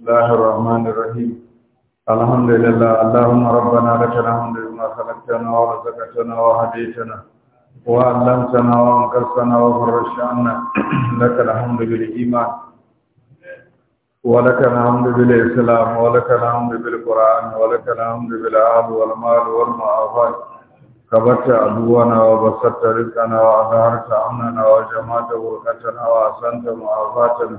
الله الرحمن الرحيم الحمد لله اللهم ربنا لك الحمد بما خلقتنا ورزقتنا وهديتنا وعلمتنا وانقذتنا وفرجت لك الحمد بالايمان ولك الحمد بالاسلام ولك الحمد بالقران ولك الحمد بالاهل والمال والمعافاه كبرت عدونا وبسطت رزقنا وأظهرت أمننا وجمعت بركتنا وأحسنت معافاتنا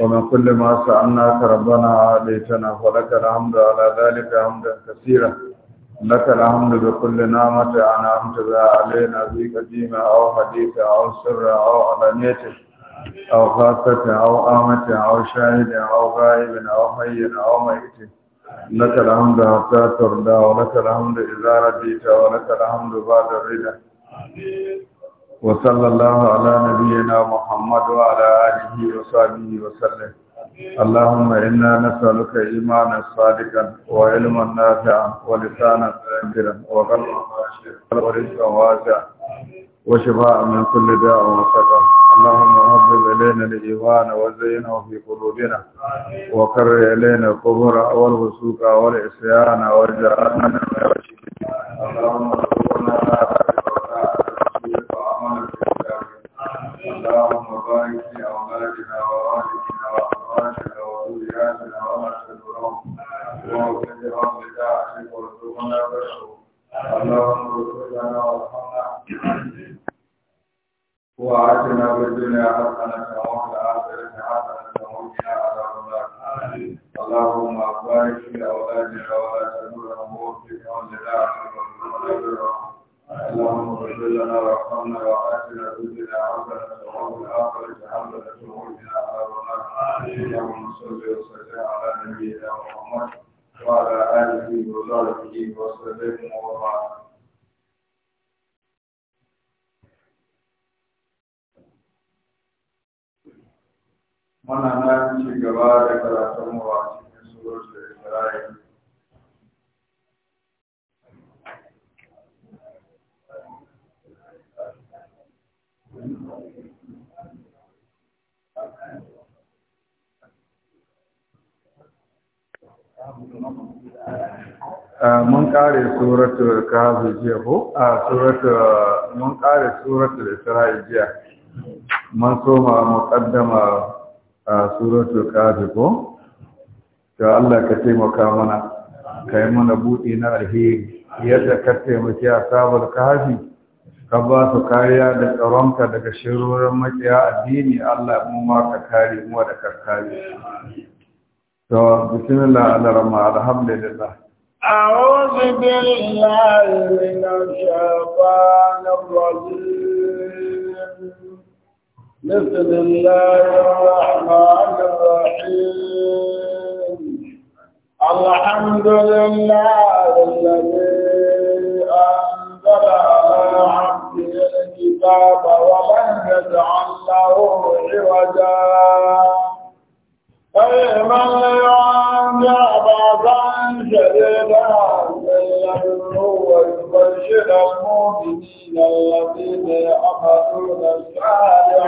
ومن كل ما سألناك ربنا عليتنا فلك الحمد على ذلك حمدا كثيرا لك الحمد بكل نعمة أنعمت بها علينا في قديمة أو حديثة أو سر أو علانية أو خاصة أو آمة أو شاهد أو غائب أو حي أو ميت لك الحمد حتى ترضى ولك الحمد إذا رديت ولك الحمد بعد الرضا وصلى الله على نبينا محمد وعلى آله وصحبه وسلم اللهم إنا نسألك إيمانا صادقا وعلما نافعا ولسانا ذاكرا وقلبا خاشعا ورزقا واسعا وشفاء من كل داء وسقم اللهم هبب إلينا الإيمان وزينه في قلوبنا وكر إلينا الكفر والفسوق والعصيان واجعلنا من الراشدين اللهم ربنا اللهم بارك في أولادنا ووالدنا وأزواجنا وذرياتنا وما تدرهم ووفق لهم بداعتك وارزقنا برهم اللهم اغفر لنا وارحمنا وآتنا في الدنيا حسنة وفي الآخرة حسنة وقنا عذاب النار اللهم بارك في أولادنا ولا تدرهم ووفقهم لداعتك وارزقنا برهم اللهم اغفر لنا وارحمنا وآتنا كلنا حسنة وفي الآخرة حسنة وقنا عذاب النار اللهم صل وسلم على نبينا محمد وعلى آله وصحبه وسلم وبارك Mana na ci gaba da karatunmu a Ah, mun kare suratul kafi jiya ko a ah, suratul mun kare suratul isra'i jiya mun soma muqaddama ah, suratul kafi ko to Allah ka taimaka mana kai mana budi na alheri yadda ka taimaki ashabul kafi ka ba su kariya da tsaronka daga shirorin makiya addini Allah mu ma ka kare mu da karkare to bismillah ala rama alhamdulillah a'udhu billahi minash shaitanir rajim الرحمن الرحيم الحمد لله الذي أنزل على عبده الكتاب ولم يجعل له عوجا أي من يرجع بعضا شديدا من لدنه ويبشر المؤمنين الذين يعملون الصالحات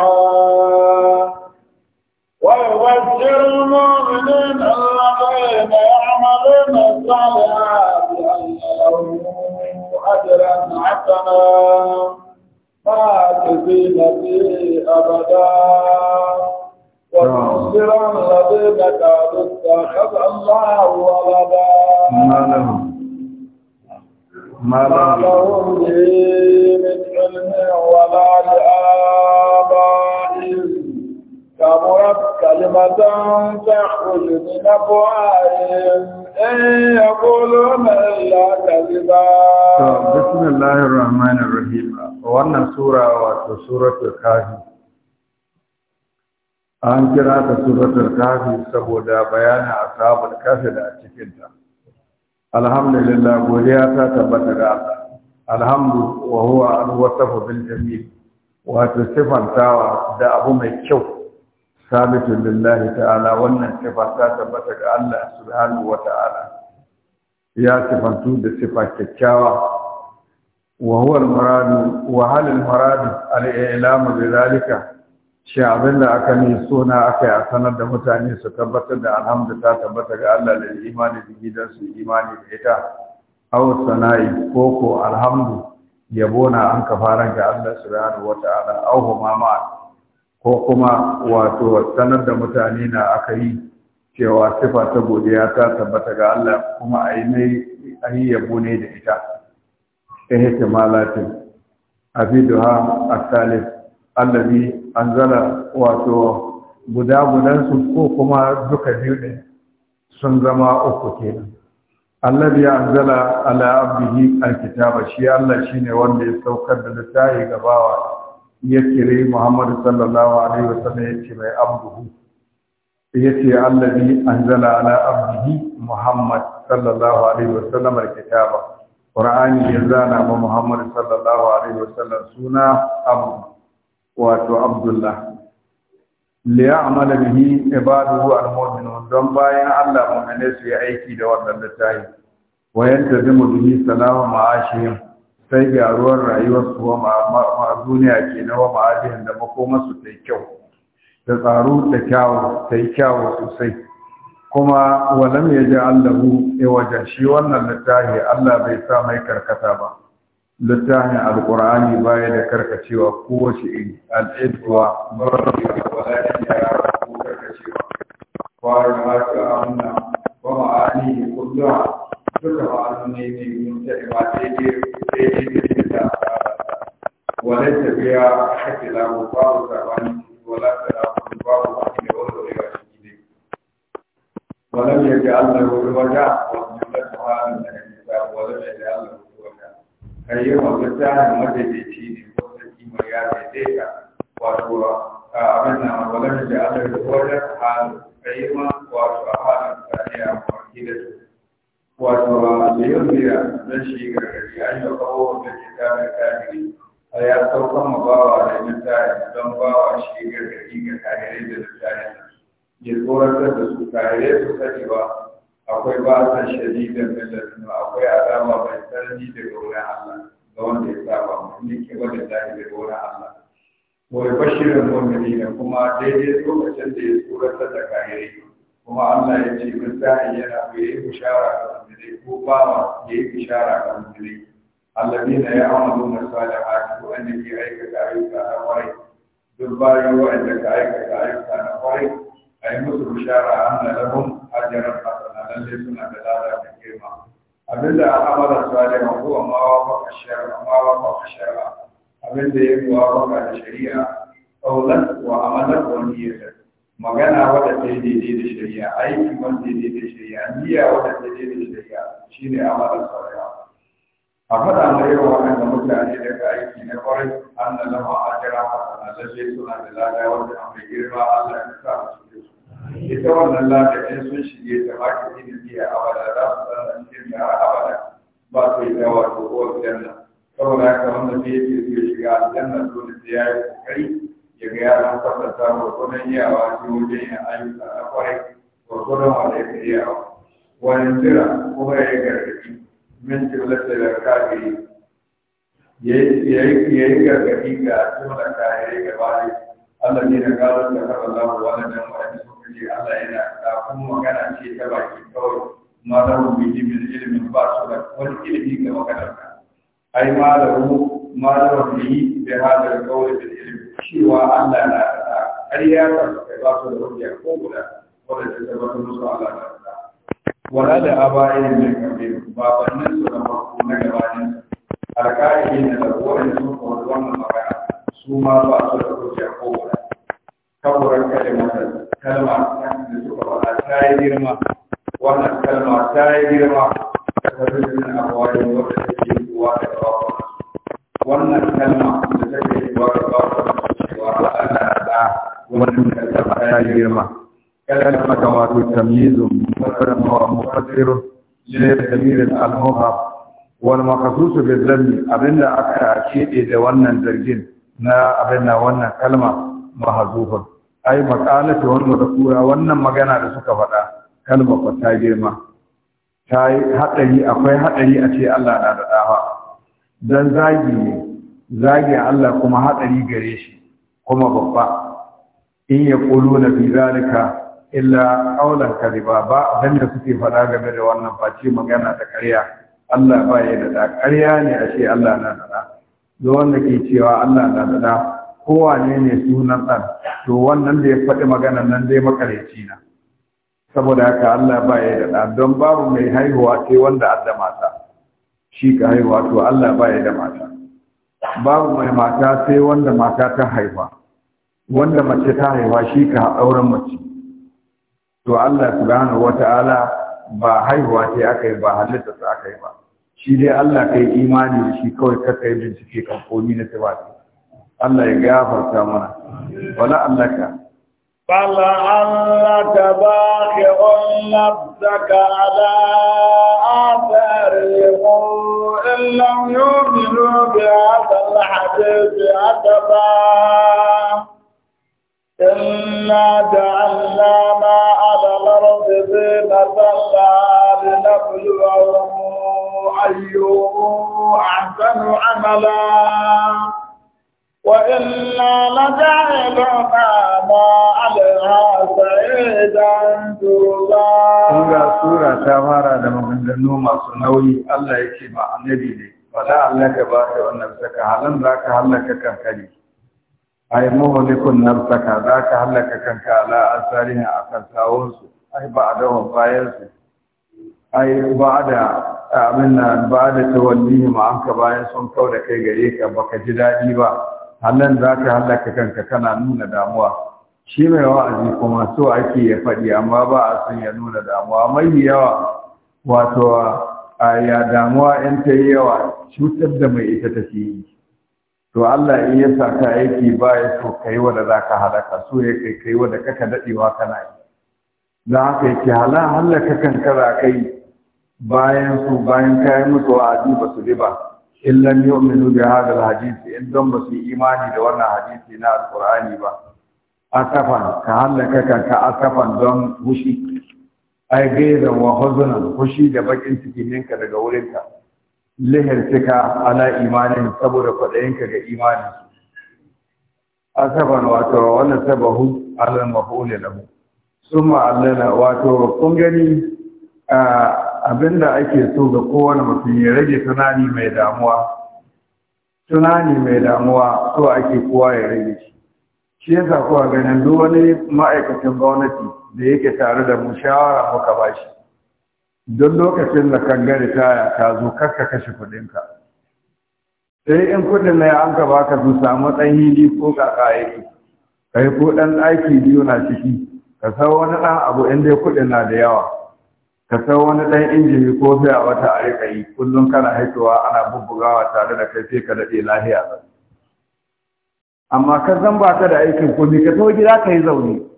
ويبشر المؤمنين الذين يعملون الصالحات أن لهم أجرا حسنا ماكثين فيه أبدا وبشرا الذين قالوا اتخذ الله ولدا ما لهم ما لهم به من علم ولا لآبائهم كبرت كلمة تخرج من أفواههم إن يقولون إلا كذبا بسم الله الرحمن الرحيم wannan sura wato suratul kafi an kira ta suratul kafi saboda bayanin ashabul kafi da cikin ta alhamdulillah godiya ta tabbata ga alhamdu wa huwa al-wasafu bil jamil wato sifantawa da abu mai kyau sabitun lillahi ta'ala wannan sifa ta tabbata ga Allah subhanahu wa ya sifantu da sifa kyakkyawa wa muradu wa hal al shi abinda aka ne suna aka yi a sanar da mutane su tabbatar da alhamdu ta tabbata ga Allah da imani da gidan su imani da ita aw sana'i koko alhamdu na anka fara ga Allah subhanahu Au ta'ala ma'a ko kuma wato sanar da mutane na aka yi cewa sifa ta godiya ta tabbata ga Allah kuma a yi yabo ne da ita ta a abiduha allabi an anzala wato guda gudan su ko kuma duka biyu ne sun zama uku kenan allazi anzala ala abdihi alkitaba shi Allah shine wanda ya saukar da littafi ga bawa ya kire Muhammad sallallahu alaihi wasallam ya ce abduhu ya ce allazi anzala ala abdihi Muhammad sallallahu alaihi wasallam alkitaba Qur'ani ya zana ma Muhammadu sallallahu alaihi wasallam suna abdu wato Abdullah liya'mala bihi ibaduhu al-mu'minun don bayan Allah mu'mine su yi aiki da wannan littafi wa yantazimu bihi salama ma'ashihim sai gyaruwar rayuwarsu wa duniya ke na wa da makomarsu ta yi kyau da tsaro da kyawu ta yi kyawu sosai kuma walam ya ji allahu ya waje shi wannan littafi allah bai sa mai karkata ba littafin alkur'ani baya da karkacewa kowace iri al'idwa barbi wa lafiya ko karkacewa fara duka ba an ne ne mun ta ba sai dai sai dai da wala tabiya hakki la mu ba mu sabani wala tara mu ba mu ba ne wala da ya shi dai wala ya ga Allah wa waja wa jalla ta'ala ne da wala ya ga Allah wa waja kayyama ta ne bayan wa'anda ka aikata ayyuka na kwarai a yi musu bishara an da lahun hajjarar hasana lalle suna da lada da girma abinda a amara salihan huwa ma wa baka shara amma wa baka shara abinda ya yi wa baka da shari'a qawlan wa wani wa niyyatan magana wadda ta yi daidai da shari'a aiki wanda ya daidai da shari'a niyya wadda ta yi daidai da shari'a shi shine amalan salihan a faɗa na mai yawa waɗanda mutane daga aiki na kwarai an da lama a jira hasana lalle suna da lada wanda a mai girma Allah ya sa a cikin su ita wannan lada in sun shige ta maki ina biya abada za su zanna cikin da a abada ba su yi dawa to ko nan, saboda haka wanda bai ke zai shiga a nan dole sai ya yi kokari ya ga ya san kwatanta gwargwadon yawa ta wajen yin ayyuka na kwarai gwargwadon wanda ya yi yawa wani jira kuma ya gargaɗi min jumlatul kafiri yayi yayi yayi gargadi ga jumlar kafirai gaba ne Allah ne da gaban da fara Allah da nan wa suka ce Allah yana da kuma magana ce ta baki kawai ma da mu bi min ilmin ba su da wani ilimi ga magana ai ma da mu ma da mu da kawai da ilimi cewa Allah na da ƙarya ba su da wajen ko guda wanda ta tabbatar musu Allah wala da abayin da kabe babannin su da farko na gabanin alƙa'ili na da kowane sun kawar wannan magana su ma ba su da hujja ko wala kaburar kalmatar kalma da suka faɗa ta yi girma wannan kalma ta yi girma ta zarurrin abayin wata take kuwa da babu wannan kalma da ta take kuwa da babu cewa Allah da wannan kalma ta yi girma kada ka ga wato tamyizu mutaran wa mufassiru ne dalil al-muhab wal maqsus bi dhanni abinda aka kide da wannan zargin na abinda wannan kalma mahzufa ai makalat wannan da kura wannan magana da suka faɗa kalma ko ta girma tai hadari akwai haɗari a ce Allah na da dawa dan zagi ne zagi Allah kuma haɗari gare shi kuma babba in ya yaquluna bi zalika illa kaulan kadiba ba abin da suke faɗa game da wannan faci magana ta ƙarya Allah ba ya da da ƙarya ne ashe Allah na da da wanda ke cewa Allah na da da kowane ne sunan ɗan to wannan da ya faɗi magana nan dai makareci na saboda haka Allah ba ya da da don babu mai haihuwa sai wanda Allah mata shi ka haihuwa to Allah ba ya da mata babu mai mata sai wanda mata ta haifa wanda mace ta haifa shi ka auren mace to Allah subhanahu wata'ala ba haihuwa ce aka yi ba halitta su aka yi ba shi dai Allah kai imani da shi kawai kaka yi bincike kan komi na tabati Allah ya gafarta mana wala allaka fala allaka baqi'un nafsaka ala atharihum illam yu'minu bi hadha al-hadith ataba إنا جعلنا ما على الأرض زينة لها لنبلوهم أيهم أحسن عملا وإنا لجعلنا ta fara da maganganu masu nauyi Allah yake ba annabi ne, ba za a hallaka ba wannan saka halin za ka hallaka kankari. ai muhlikun saka, za ka halaka kanka ala asarihin kan sawunsu ai ba a dawon bayansu ai ba da abin na ba da tawalli ma an ka bayan sun kau da kai gare ka ba ka ji daɗi ba hannun za ka halaka kanka kana nuna damuwa shi mai wa'azi kuma so ake ya faɗi amma ba a son ya nuna damuwa mai yawa wato a ya damuwa in ta yi yawa cutar da mai ita take yi to Allah in ya sa ka aiki ba ya so kai wanda za ka halaka so ya kai kai wanda kaka daɗewa kana yi don haka yake hala halaka kankara kai bayan su bayan kayan musu wa'azi ba su riba in lam minu da hadha al in don ba su imani da wannan hadisi na alkur'ani ba asafan ka halaka kanka asafan don hushi ai gaizan wa huzunan hushi da bakin cikin ninka daga wurinka lihirtika ala imanin saboda kwaɗayinka ga imani asaban wato wannan sabahu alal maf'ul lahu Allah na wato kun gani abinda ake so ga kowane mutum ya rage tunani mai damuwa tunani mai damuwa so ake kowa ya rage shi shi yasa kowa ganin duk wani ma'aikacin gwamnati da yake tare da mu shawara muka bashi don lokacin da ka gari taya ka zo karka kashe kuɗinka sai in kuɗin na an ka baka su samu ɗan hili ko ka yake kai ko ɗan aiki biyu na ciki ka san wani ɗan abu inda dai kuɗin na da yawa ka san wani ɗan injini ko sai a wata a yi kullum kana haihuwa ana bubbugawa tare da kai sai ka daɗe lahiya amma ka zan ba ka da aikin komi ka sau gida ka yi zaune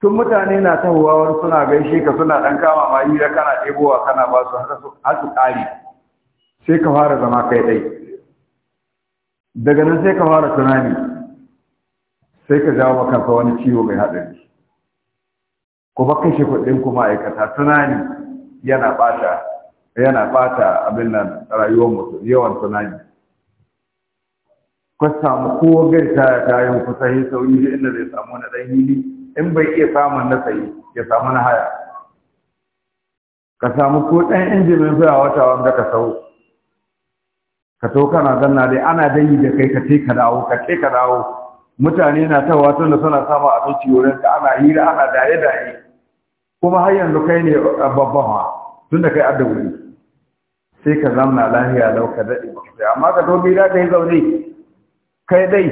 tun mutane na ta wani suna gaishe ka suna ɗan kama ma hira kana ɗebowa kana ba su har su ƙare sai ka fara zama kai ɗai daga nan sai ka fara tunani sai ka jawo kanka wani ciwo mai haɗari ku ba kashe kuɗin ku ma'aikata tunani yana ɓata yana ɓata abin nan rayuwar mutum yawan tunani ku samu kowa gaita ta yi kusa sauri da inda zai samu na ɗan hili in bai iya samun na sayi ya samu na haya ka samu ko ɗan injimin zuwa wata wanda ka sau ka to kana zanna dai ana dai da kai ka ka dawo ka ka dawo mutane na ta tun da suna samun abinci wurin ka ana hira ana daye daye kuma har yanzu kai ne babban ha tun da kai adda wuri sai ka zanna lahiya lau ka daɗe ba amma ka to gida ka yi zaune kai dai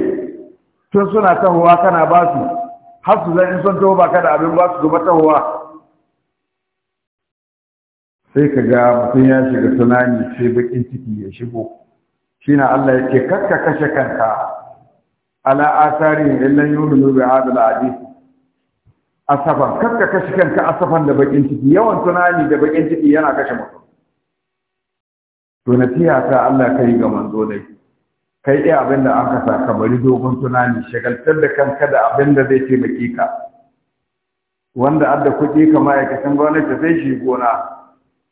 tun suna tahowa kana ba su har su zan sun taho ba kada abin ba su zuba tahowa sai ka ga mutum ya shiga tunani sai bakin ciki ya shigo Shi na Allah yake kakka kashe kanka ala asari illan yuminu bi hadal adi asafan kakka kashe kanka asafan da bakin ciki yawan tunani da bakin ciki yana kashe mutum to nasiha ta Allah kai ga manzo dai kai iya abin da an sa ka bari dogon tunani shagaltar da kanka da abin da zai taimake ka wanda adda kuɗi ka ma'aikatan gwamnati sai shi gona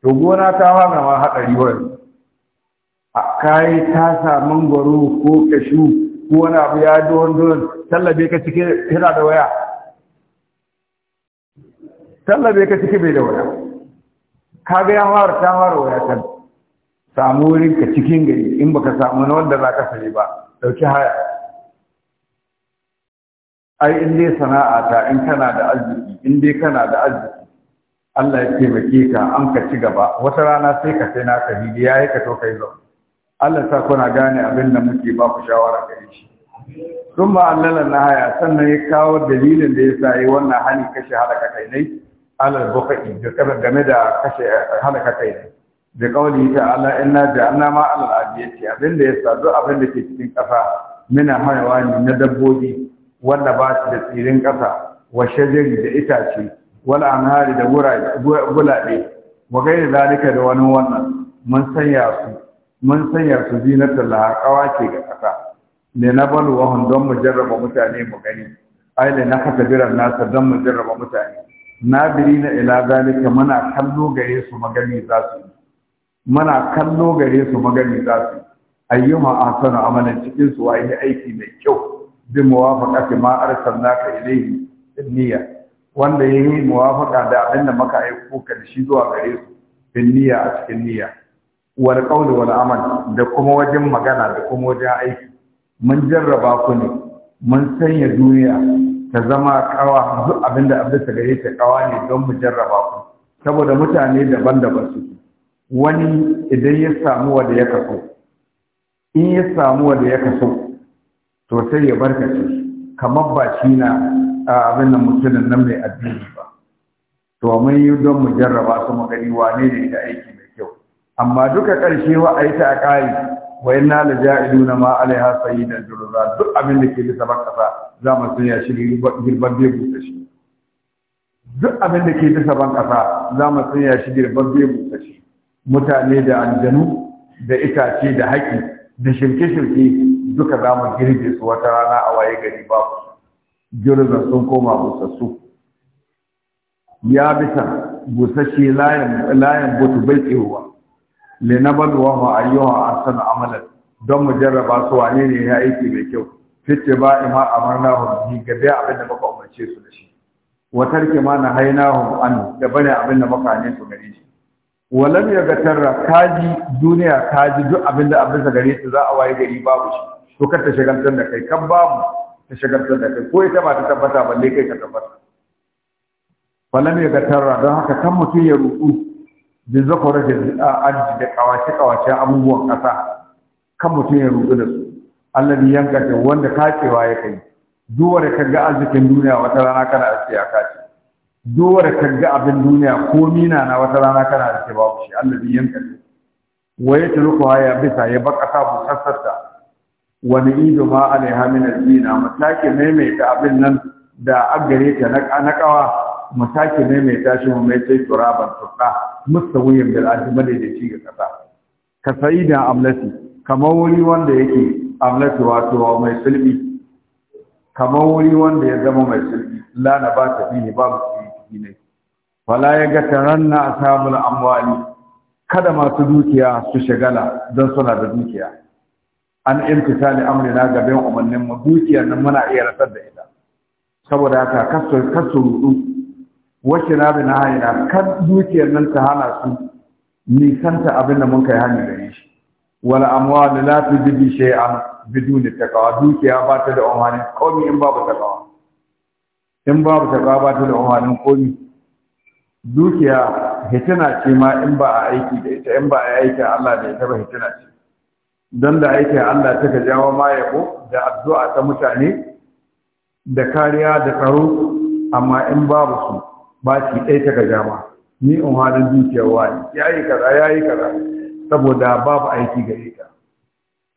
to gona ta fara ma haɗari a kayi ta samu gwaro ko kashu ko wani abu ya don don tallabe ka cike yana da waya tallabe ka cike bai da waya ga ya fara ta fara waya ta. samu wurinka cikin gari in baka samu na wanda za ka sayi ba ɗauki haya ai in dai sana'a ta in kana da arziki in dai kana da arziki Allah ya taimake ka an ka ci gaba wata rana sai ka sai ka hidi yayi ka to kai zo Allah sa kuna gane abin da muke ba ku shawara gare shi Tun ba allala na haya sannan ya kawo dalilin da ya sa yi wannan hali kashe halaka kai ne alal bukhari da game da kashe halaka kai ne da kauli ta'ala inna ja'alna ma al ce abinda ya sadu abinda ke cikin kasa mina ne na dabbobi wanda ba su da tsirin kasa wa shajari da itace wala anhari da gulabe wa gairi zalika da wani wannan mun sanya su mun sanya su zinatar laha kawa ce ga kasa ne na balwa don mu jarraba mutane mu gani ai da na haka biran nasa don mu jarraba mutane na biri na ila zalika muna kallo gare su magani za su yi muna kallo gare su magani za su A ahsanu amalan cikin su waye aiki mai kyau bi muwafaqati ma arsalnaka ilayhi niyya wanda yayi muwafaqa da abin da muka aiko ka shi zuwa gare su bin niyya a cikin niyya wal qawli wal amal da kuma wajen magana da kuma wajen aiki mun jarraba ku ne mun sanya duniya ta zama kawa abinda abinda ta gare ta kawa ne don mu jarraba ku saboda mutane daban-daban su wani idan ya samu wanda ya kaso in ya samu wanda ya kaso to sai ya barkace kamar ba shi na abin nan mutumin nan mai addini ba to mun yi don mu jarraba su mu gani wane ne da aiki mai kyau amma duka ƙarshe wa a yi ta a ƙari wa inna la ja'iluna ma alaiha sayyidan jurza duk abin da ke bisa ban kasa za mu sanya shi girban bebu ta shi duk abin da ke bisa ban kasa za mu sanya shi girban bebu ta shi mutane da aljanu da itace da haƙi da shirke-shirke duka za mu girbe su wata rana a waye gari ba girza sun koma busassu ya bisa busasshe layan butu bai tsewa linabalwa ma ayyuha ahsanu amalan don mu jarraba su wane ne ya aiki mai kyau fitte ba ima amarna hum ni biya abin da muka umarce su da shi wa tarke ma na haina hum an da bane abin da muka hane su gare shi walam ya ga tarra kaji duniya kaji duk abin da abin gare ta za a waye gari babu shi to kar ta shagaltar da kai kan babu ta shagaltar da kai ko ita ba ta tabbata balle kai ka tabbata walam ya ga tarra don haka kan mutum ya ruku bi zakara da arji da kawace kawace abubuwan kasa kan mutum ya ruku da su Allah ya yanka wanda kacewa ya kai duk ka ga arzikin duniya wata rana kana asiya kace dora ga abin duniya ko mina na wata rana kana da ba shi Allah bi yanka wa ya turku haya bisa ya baka ta busassarta wa ni'idu ma alaiha min al-dina mai maimaita abin nan da agare ta na kanakawa matake maimaita shi mu mai sai turaban turda mustawiyin bil admali da shi ga kasa ka saida amlati kamar wuri wanda yake amlati wato mai sulbi kamar wuri wanda ya zama mai sulbi la na ba ta fihi ba. miskinai wala ya ga na ashabul amwali kada masu dukiya su shagala don suna da dukiya an imtisali amrina ga bayan umarnin mu dukiyar nan muna iya rasar da ita saboda haka kasu kasu rudu wace na bin hayina kan dukiyar nan ta hana su nisanta abin da mun kai hani da shi wala amwal la tujibi shay'an biduni taqwa dukiya ba ta da umarni komi in babu taqwa in babu taqwa ba ta da umarnin komi dukiya hitina ce ma in ba a aiki da ita in ba a aiki Allah da ita ba hitina ce don da aiki Allah ta jawo ma ko da addu'a ta mutane da kariya da tsaro amma in babu su ba ci ɗaya ta gaja jama ni in halin dukiyar wani ya yi kaza ya yi kaza saboda babu aiki gare ka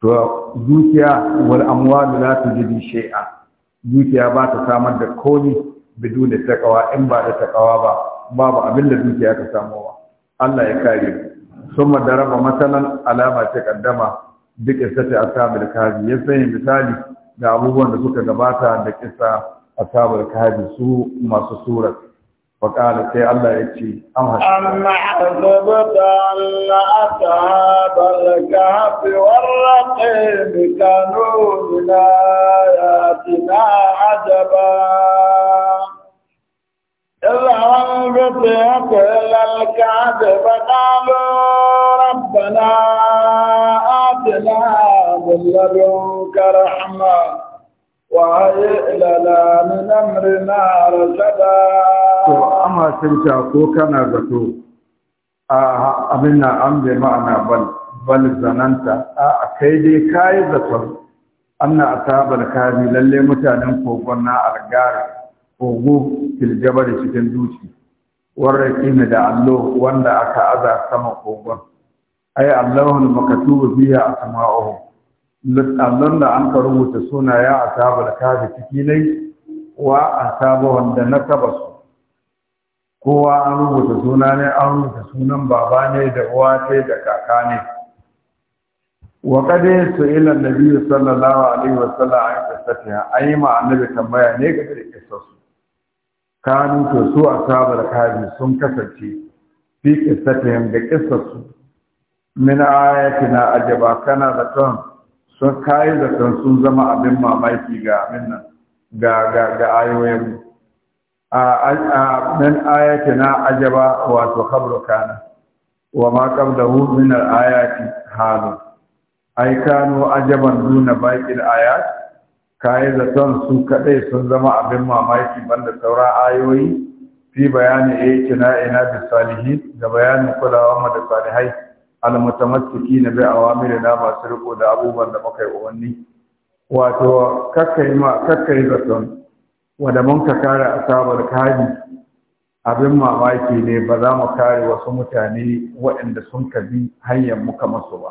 to dukiya wal amwal la tujidi shay'a dukiya ba ta samar da komi bidu da takawa in ba da takawa ba babu abin da dukiya ta samo ba Allah ya kare da raba masalan alama ta kaddama duk isati ashabul kazi ya sanya misali ga abubuwan da suka gabata da kissa asabar kazi su masu surat وقال سي الله يكفي أم حسبت أن أصحاب الكهف والرقيب كانوا من آياتنا عجبا إذ هم بطيق إلى الكهف فقالوا ربنا آتنا من لدنك رحمة وهيئ لنا من أمرنا رشدا to amma sirta ko kana zato a an bai ma'ana bal bal zananta a kai dai kayi zaton anna asabar kabi lalle mutanen kogon na argara kogo filjaba da cikin duci kina da allo wanda aka aza sama kogon ai allahun makatubu biya a sama'ahu allon da an ka rubuta suna ya asabar kabi ciki ne wa asabawan da na taba su kowa an rubuta suna ne an rubuta sunan baba ne da uwa ce da kaka ne wa kade su ila nabi sallallahu alaihi wasallam a kasatiya yi ma annabi tambaya ne ga da su kanu to su a sabar kaji sun kasance fi kisatihim da kisarsu min na ajaba kana da ton sun kayi zaton sun zama abin mamaki ga abin nan ga ga ga ayoyin min ayatina ajaba wato khabru kana wa ma qablahu min al-ayati halu ai kanu ajaban duna baqil ayat kai zaton su kadai sun zama abin mamaki banda sauran ayoyi fi bayani ayatina ina da salihin da bayanin kulawa ma da salihai al na bi awamirina masu riko da abubuwan da muka yi uwanni wato kakkai ma kakkai zaton wanda mun ka kare asabar kari abin mamaki ne ba za mu kare wasu mutane waɗanda sun ka bi hanyar muka masu ba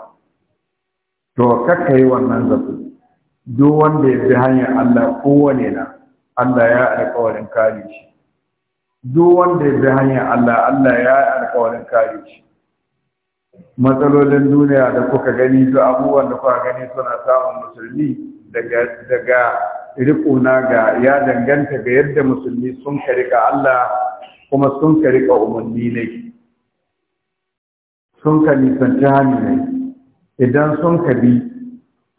to kakka yi wannan zato duk wanda ya bi hanyar Allah kowane na Allah ya alƙawarin kare shi duk wanda ya bi hanyar Allah Allah ya alƙawarin kare shi matsalolin duniya da kuka gani duk abubuwan da kuka gani suna samun musulmi daga daga riƙona ga ya danganta ga yadda musulmi sun karika Allah kuma sun karika umarni ne sun ka nisanci hannu ne idan sun ka bi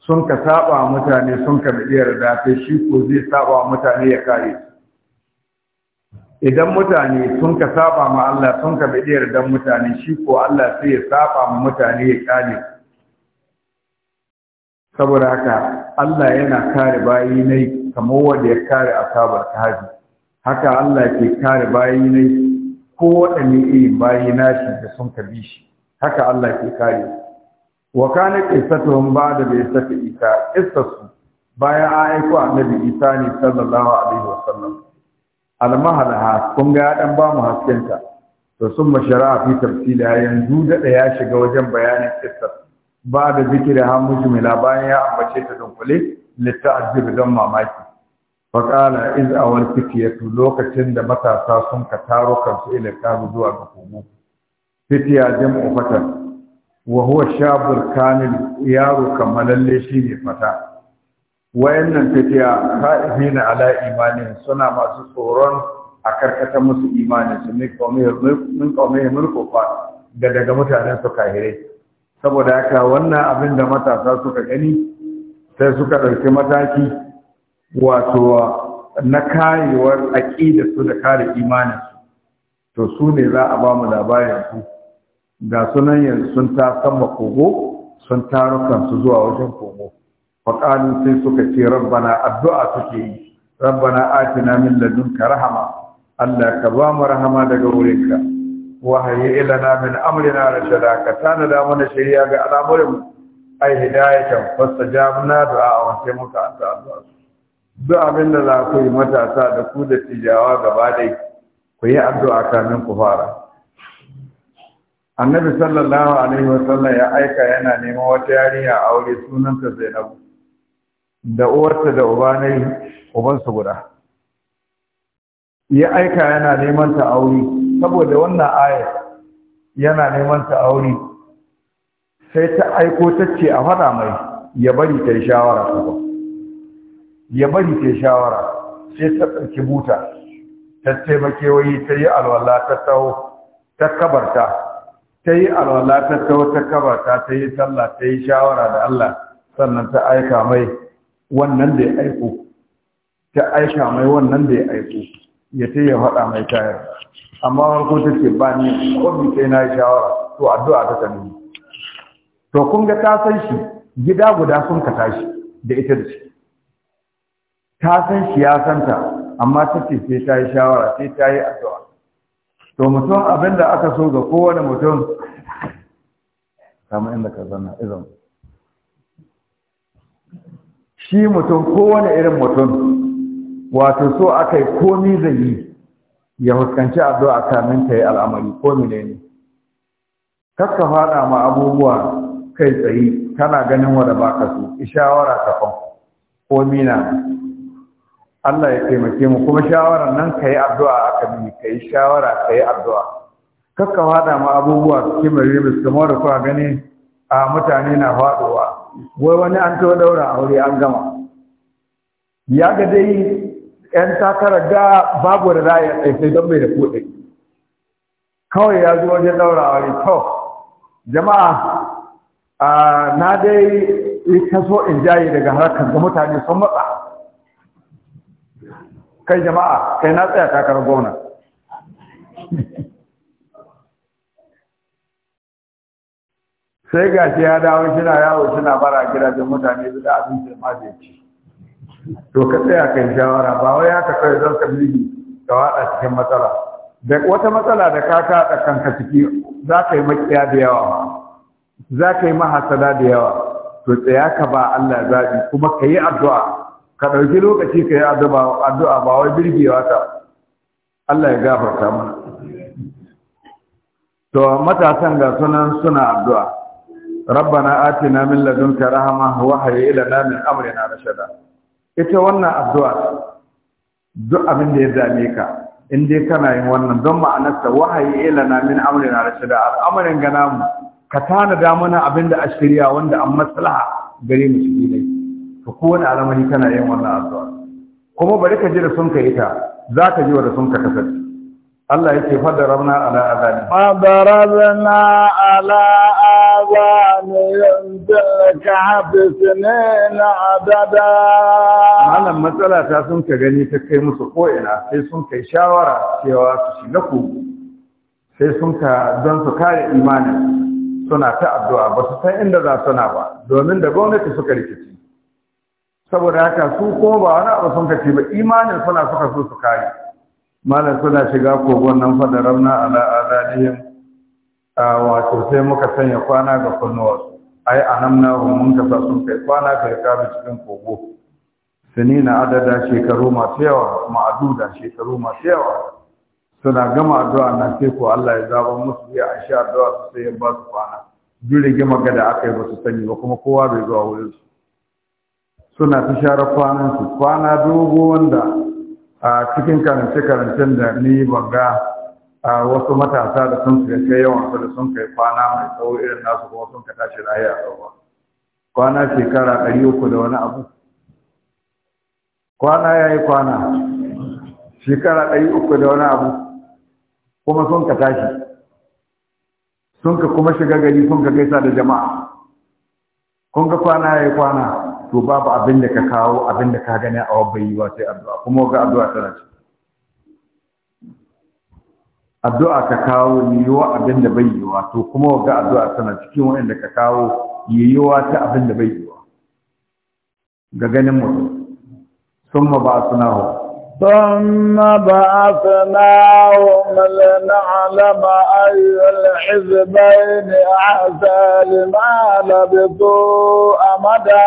sun ka saba mutane sun ka bi yarda ta shi ko zai saba mutane ya kare idan mutane sun ka saba ma Allah sun ka bi da mutane shi ko Allah sai ya saba ma mutane ya kare su saboda haka Allah yana kare bayi ne kamar wanda ya kare asabar kaji haka Allah ke kare bayi ne ko waɗanne irin bayi nashi da sun kabi shi haka Allah ke kare wa kana qissatuhum ba'da bi sati isa qissasu bayan an aiko annabi isa ne sallallahu alaihi wasallam almahalaha kun ga dan ba mu haskenta to sun mashara fi tafsila yanzu da ya shiga wajen bayanin qissar ba da zikiri har mujmila bayan ya ambace ta dunkule litta'azzib don mamaki faƙala iz wani fitiyatu lokacin da matasa sun ka taro kansu ila kazu zuwa ga kogo fitiya jam'u fatar wa huwa shabul kamil yaro kamalalle shi ne fata wayannan fitiya ka'ifina ala imanin suna masu tsoron a karkata musu imanin su min qaumihim min da daga mutanen su kahirai saboda haka wannan abin da matasa suka gani sai suka ɗauki mataki wato na karewar aƙidarsu da kare imaninsu to su ne za a ba mu labarinsu ga sunan yanzu sun ta sama kogo sun tarukan kansu zuwa wajen kogo faƙalin sai suka ce rabbana addu'a suke yi rabbana atina min ladunka rahama Allah ka ba mu rahama daga wurinka wahayi ilana min amrina rashada ka tana da mana shari'a ga al'amuran ai hidayatan fastajabna da a sai muka anta addu'a duk abin da za ku yi matasa da ku da tijawa gaba dai ku yi addu'a kamin ku fara annabi sallallahu alaihi wa sallam ya aika yana neman wata yarinya aure sunanta Zainabu da uwarta da ubanai ubansu guda ya aika yana neman ta aure saboda wannan aya yana neman ta aure sai ta aiko ta ce a faɗa mai ya bari ta yi shawara kuma ya bari ta shawara sai ta tsarki buta ta taimake wayi ta yi alwala ta taho ta kabarta ta yi alwala ta taho ta kabarta ta yi sallah ta yi shawara da Allah sannan ta aika mai wannan da ya aiko ta aika mai wannan da ya aiko ya ta yi faɗa mai tayar amma ko ta ce ba ni kwamfi sai na yi shawara to addu'a ta nuna to kun ga ta san shi gida guda sun ka tashi da ita da shi ta san shi ya santa amma ta ce sai ta yi shawara sai ta yi addu'a to mutum abin da aka so ga kowane mutum kamar inda ka zanna izan shi mutum kowane irin mutum wato so aka yi komi zai yi ya huskanci addu'a kamin ta yi al'amari ko menene kakka faɗa ma abubuwa kai tsaye kana ganin wanda baka so shawara ta kan ko mina Allah ya taimake mu kuma shawarar nan ka yi addu'a aka bi ka yi shawara ka yi addu'a kakka faɗa ma abubuwa cikin maribis kuma da kuwa gani a mutane na faɗowa wai wani an to daura aure an gama ya ga dai 'yan takarar da babu da za a yi don mai da kuɗi kawai ya zo wajen a wani to jama'a na dai yi taso in jaye daga harkar da mutane sun matsa kai jama'a kai na tsaya takarar gwamna sai ga shi ya dawo shi na yawo shi na bara gidajen mutane da abinci ma da ya to ka tsaya ka yi shawara ba wai haka kai zan ka bibi ka wada cikin matsala da wata matsala da ka kaɗa kanka ciki za ka yi makiya da yawa za ka yi mahasada da yawa to tsaya ka ba Allah zaɓi kuma ka yi addu'a ka ɗauki lokaci ka yi addu'a ba wai birgewa ta Allah ya gafarta mana to matasan ga sunan suna addu'a ربنا آتنا min لدنك rahama wa إلى نام min amrina rashada ita wannan addu'a duk abin da ya dame ka in dai kana yin wannan don ma'anarta wahayi ilana min amrina da al'amarin ga namu ka tana mana abin da ashiriya wanda an maslaha gare mu shi ne to kowane alamari kana yin wannan addu'a kuma bari ka ji da sun ka ita za ka ji wa da sun ka kasar. Allah yake fadarabna ala azali fadarabna ala الأوان يمتلك حفظ سنين عددا malam matsala ta sun ka gani ta kai musu ko'ina sai sun kai shawara cewa su shiga ku sai sun ka don su kare imanin suna ta addu'a ba su san inda za suna ba domin da gwamnati suka rikici saboda haka su kuma ba wani abu sun kace ba imanin suna suka so su kare malam suna shiga kogon nan fadarar na ala azalihim Ah, wato sai muka sanya kwana ga kunnuwarsu ai a anamna mun kasa sun kai kwana ga kabi cikin kogo Sani na adada shekaru masu yawa ma'aduda shekaru masu yawa suna gama addu'a na sai ko Allah ya zaba musu ya ashi addu'a su sai ya ba su kwana jure gima gada aka yi ba su sani ba kuma kowa bai zuwa wurin su suna ta share kwanan su kwana dogo wanda a cikin karance karancen da ni ban ga a wasu matasa da sun kai kai yawan su da sun kai kwana mai tsawo irin nasu kuma sun ka tashi rayu a tsawo kwana shekara ɗari uku da wani abu kwana ya yi kwana shekara ɗari uku da wani abu kuma sun ka tashi sun ka kuma shiga gari sun ka gaisa da jama'a kun ga kwana ya yi kwana to babu abin da ka kawo abin da ka gani a wabbayi wa sai addu'a kuma ga addu'a tana ciki addu'a ka kawo yiwuwa abin da bai yiwuwa to kuma ga addu'a tana cikin wa'anda ka kawo yiwuwa ta abin da bai yiwuwa ga ganin mutum sun ba su nahu Tamma ba a sana wa malina alama ayyul hizbai ne a zalima labe to a mada.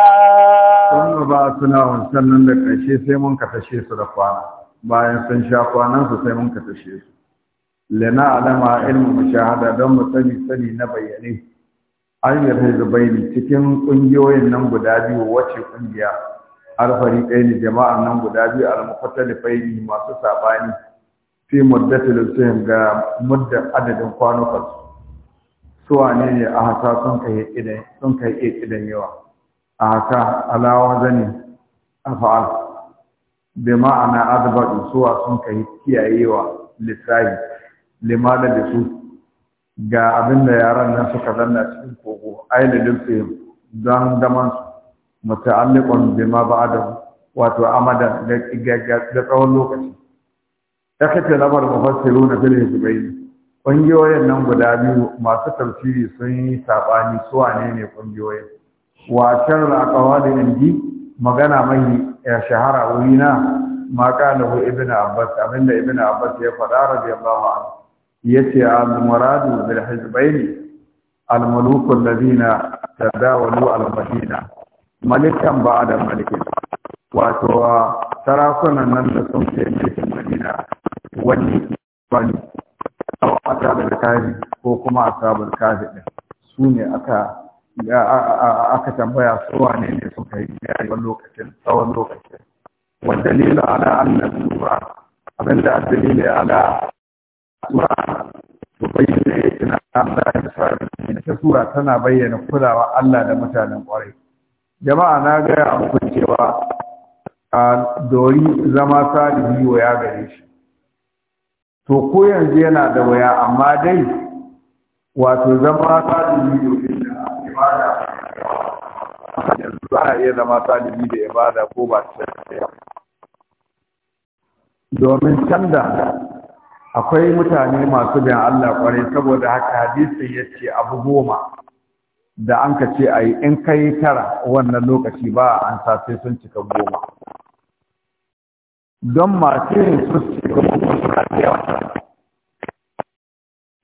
Tamma ba a sannan da ƙarshe sai mun ka tashe su da kwana bayan sun sha kwanan su sai mun ka tashe su. lana alama ilmu mashahada don mu sani sani na bayyane an yarda cikin kungiyoyin nan guda biyu wace kungiya alfari ɗaya ne jama'a nan guda biyu faini masu saɓani fi muddatul suhum ga mudda adadin kwanukan su wane ne a haka sun kai idan sun kai idan yawa a haka alawa zani afa'al bi ma'ana adbadu suwa sun kai kiyayewa lissahi limana da su ga abin da yaran nan suka zanna cikin kogo ailidin su don zaman su zima ba da wato amada da tsawon lokaci takata labar na filin zubai ƙungiyoyin nan guda biyu masu tafsiri sun yi saɓani su wane ne ƙungiyoyin wacan raƙawa da inji magana mai ya shahara wuri na maka da ibina abbas abinda ibn abbas ya faɗa radiyallahu ma'ana yace al-muradu bil hizbayn al-muluku alladhina tadawalu al-madina malikan ba'da malikin wato sarakunan nan da sun ce mulkin madina wani bani aw asabar kafi ko kuma asabar kafi din su ne aka aka tambaya su wane ne suka yi yayi lokacin tsawon lokacin wa dalilu ala anna sura abinda dalili ala sura tana bayyana kulawa Allah da mutanen ƙwarai jama'a na gaya muku cewa a dori zama salihi waya gare shi to ko yanzu yana da waya amma dai wato zama salihi za iya zama salihi da ibada ko ba ta domin canza akwai mutane masu bin Allah kwarai saboda haka hadisi ya ce abu goma da an ka ce a yi in kai tara wannan lokaci ba an sa sai sun cika goma don masu yin su cika goma suna da yawa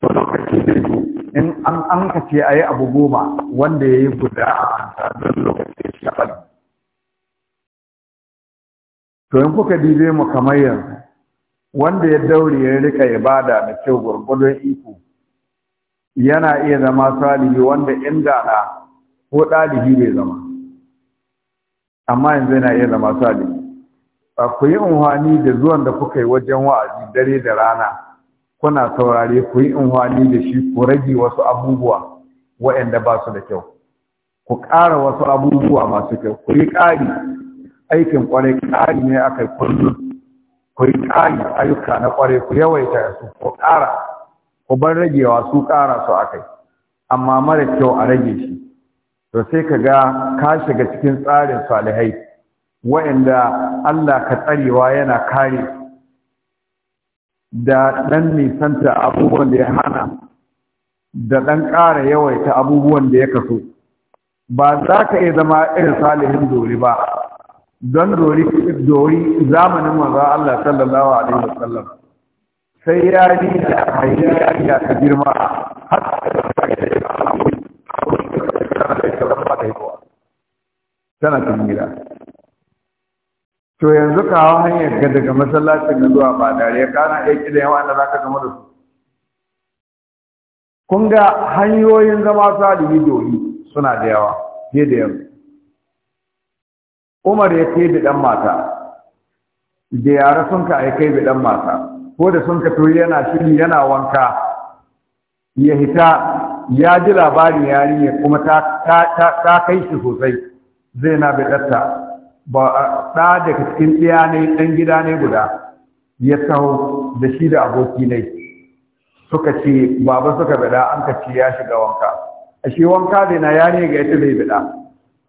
to lokaci zai zo in an an ka ce a yi abu goma wanda ya yi guda an sa don lokaci ya shaɓar to in kuka dide mu kamar yanzu wanda ya daure ya rika ibada da kyau gurgudun iko yana iya zama salihi wanda inda na ko dalibi bai zama amma yanzu yana iya zama salihi ku yi unhwani da zuwan da kuka yi wajen wa'azi dare da rana kuna saurare ku yi unhwani da shi ku rage wasu abubuwa waɗanda ba su da kyau ku ƙara wasu abubuwa masu kyau ku yi ƙari aikin ƙwarai ƙari ne aka yi kullum ku yi ƙari ayyuka na ƙware ku yawaita su ku ƙara ku bar ragewa su ƙara su akai amma mara kyau a rage shi to sai ka ga ka shiga cikin tsarin salihai wa'anda Allah ka tsarewa yana kare da ɗan nisanta abubuwan da ya hana da ɗan ƙara yawaita abubuwan da ya kaso ba za ka iya zama irin salihin dole ba don dori zamanin maza Allah sallallahu alaihi sallam sai ya yi da hayya ta girma har tana cikin gida to yanzu kawo hanyar ga daga masallacin na zuwa ba dare ya kana iya kida yawa da zaka gama da su kun ga hanyoyin zama da dori suna da yawa fiye da yanzu Umar ya ce da ɗan mata, da yara sun ka aikai da ɗan mata, ko da sun ka toyi yana shiri yana wanka, ya hita ya ji labarin ya kuma ta kai shi sosai zai na biɗarta ba ɗa daga cikin ɗiya ne ɗan gida ne guda ya taho da shi da aboki ne suka ce baba suka biɗa an ka ce ya shiga wanka a shi wanka zai na yari ga ita zai biɗa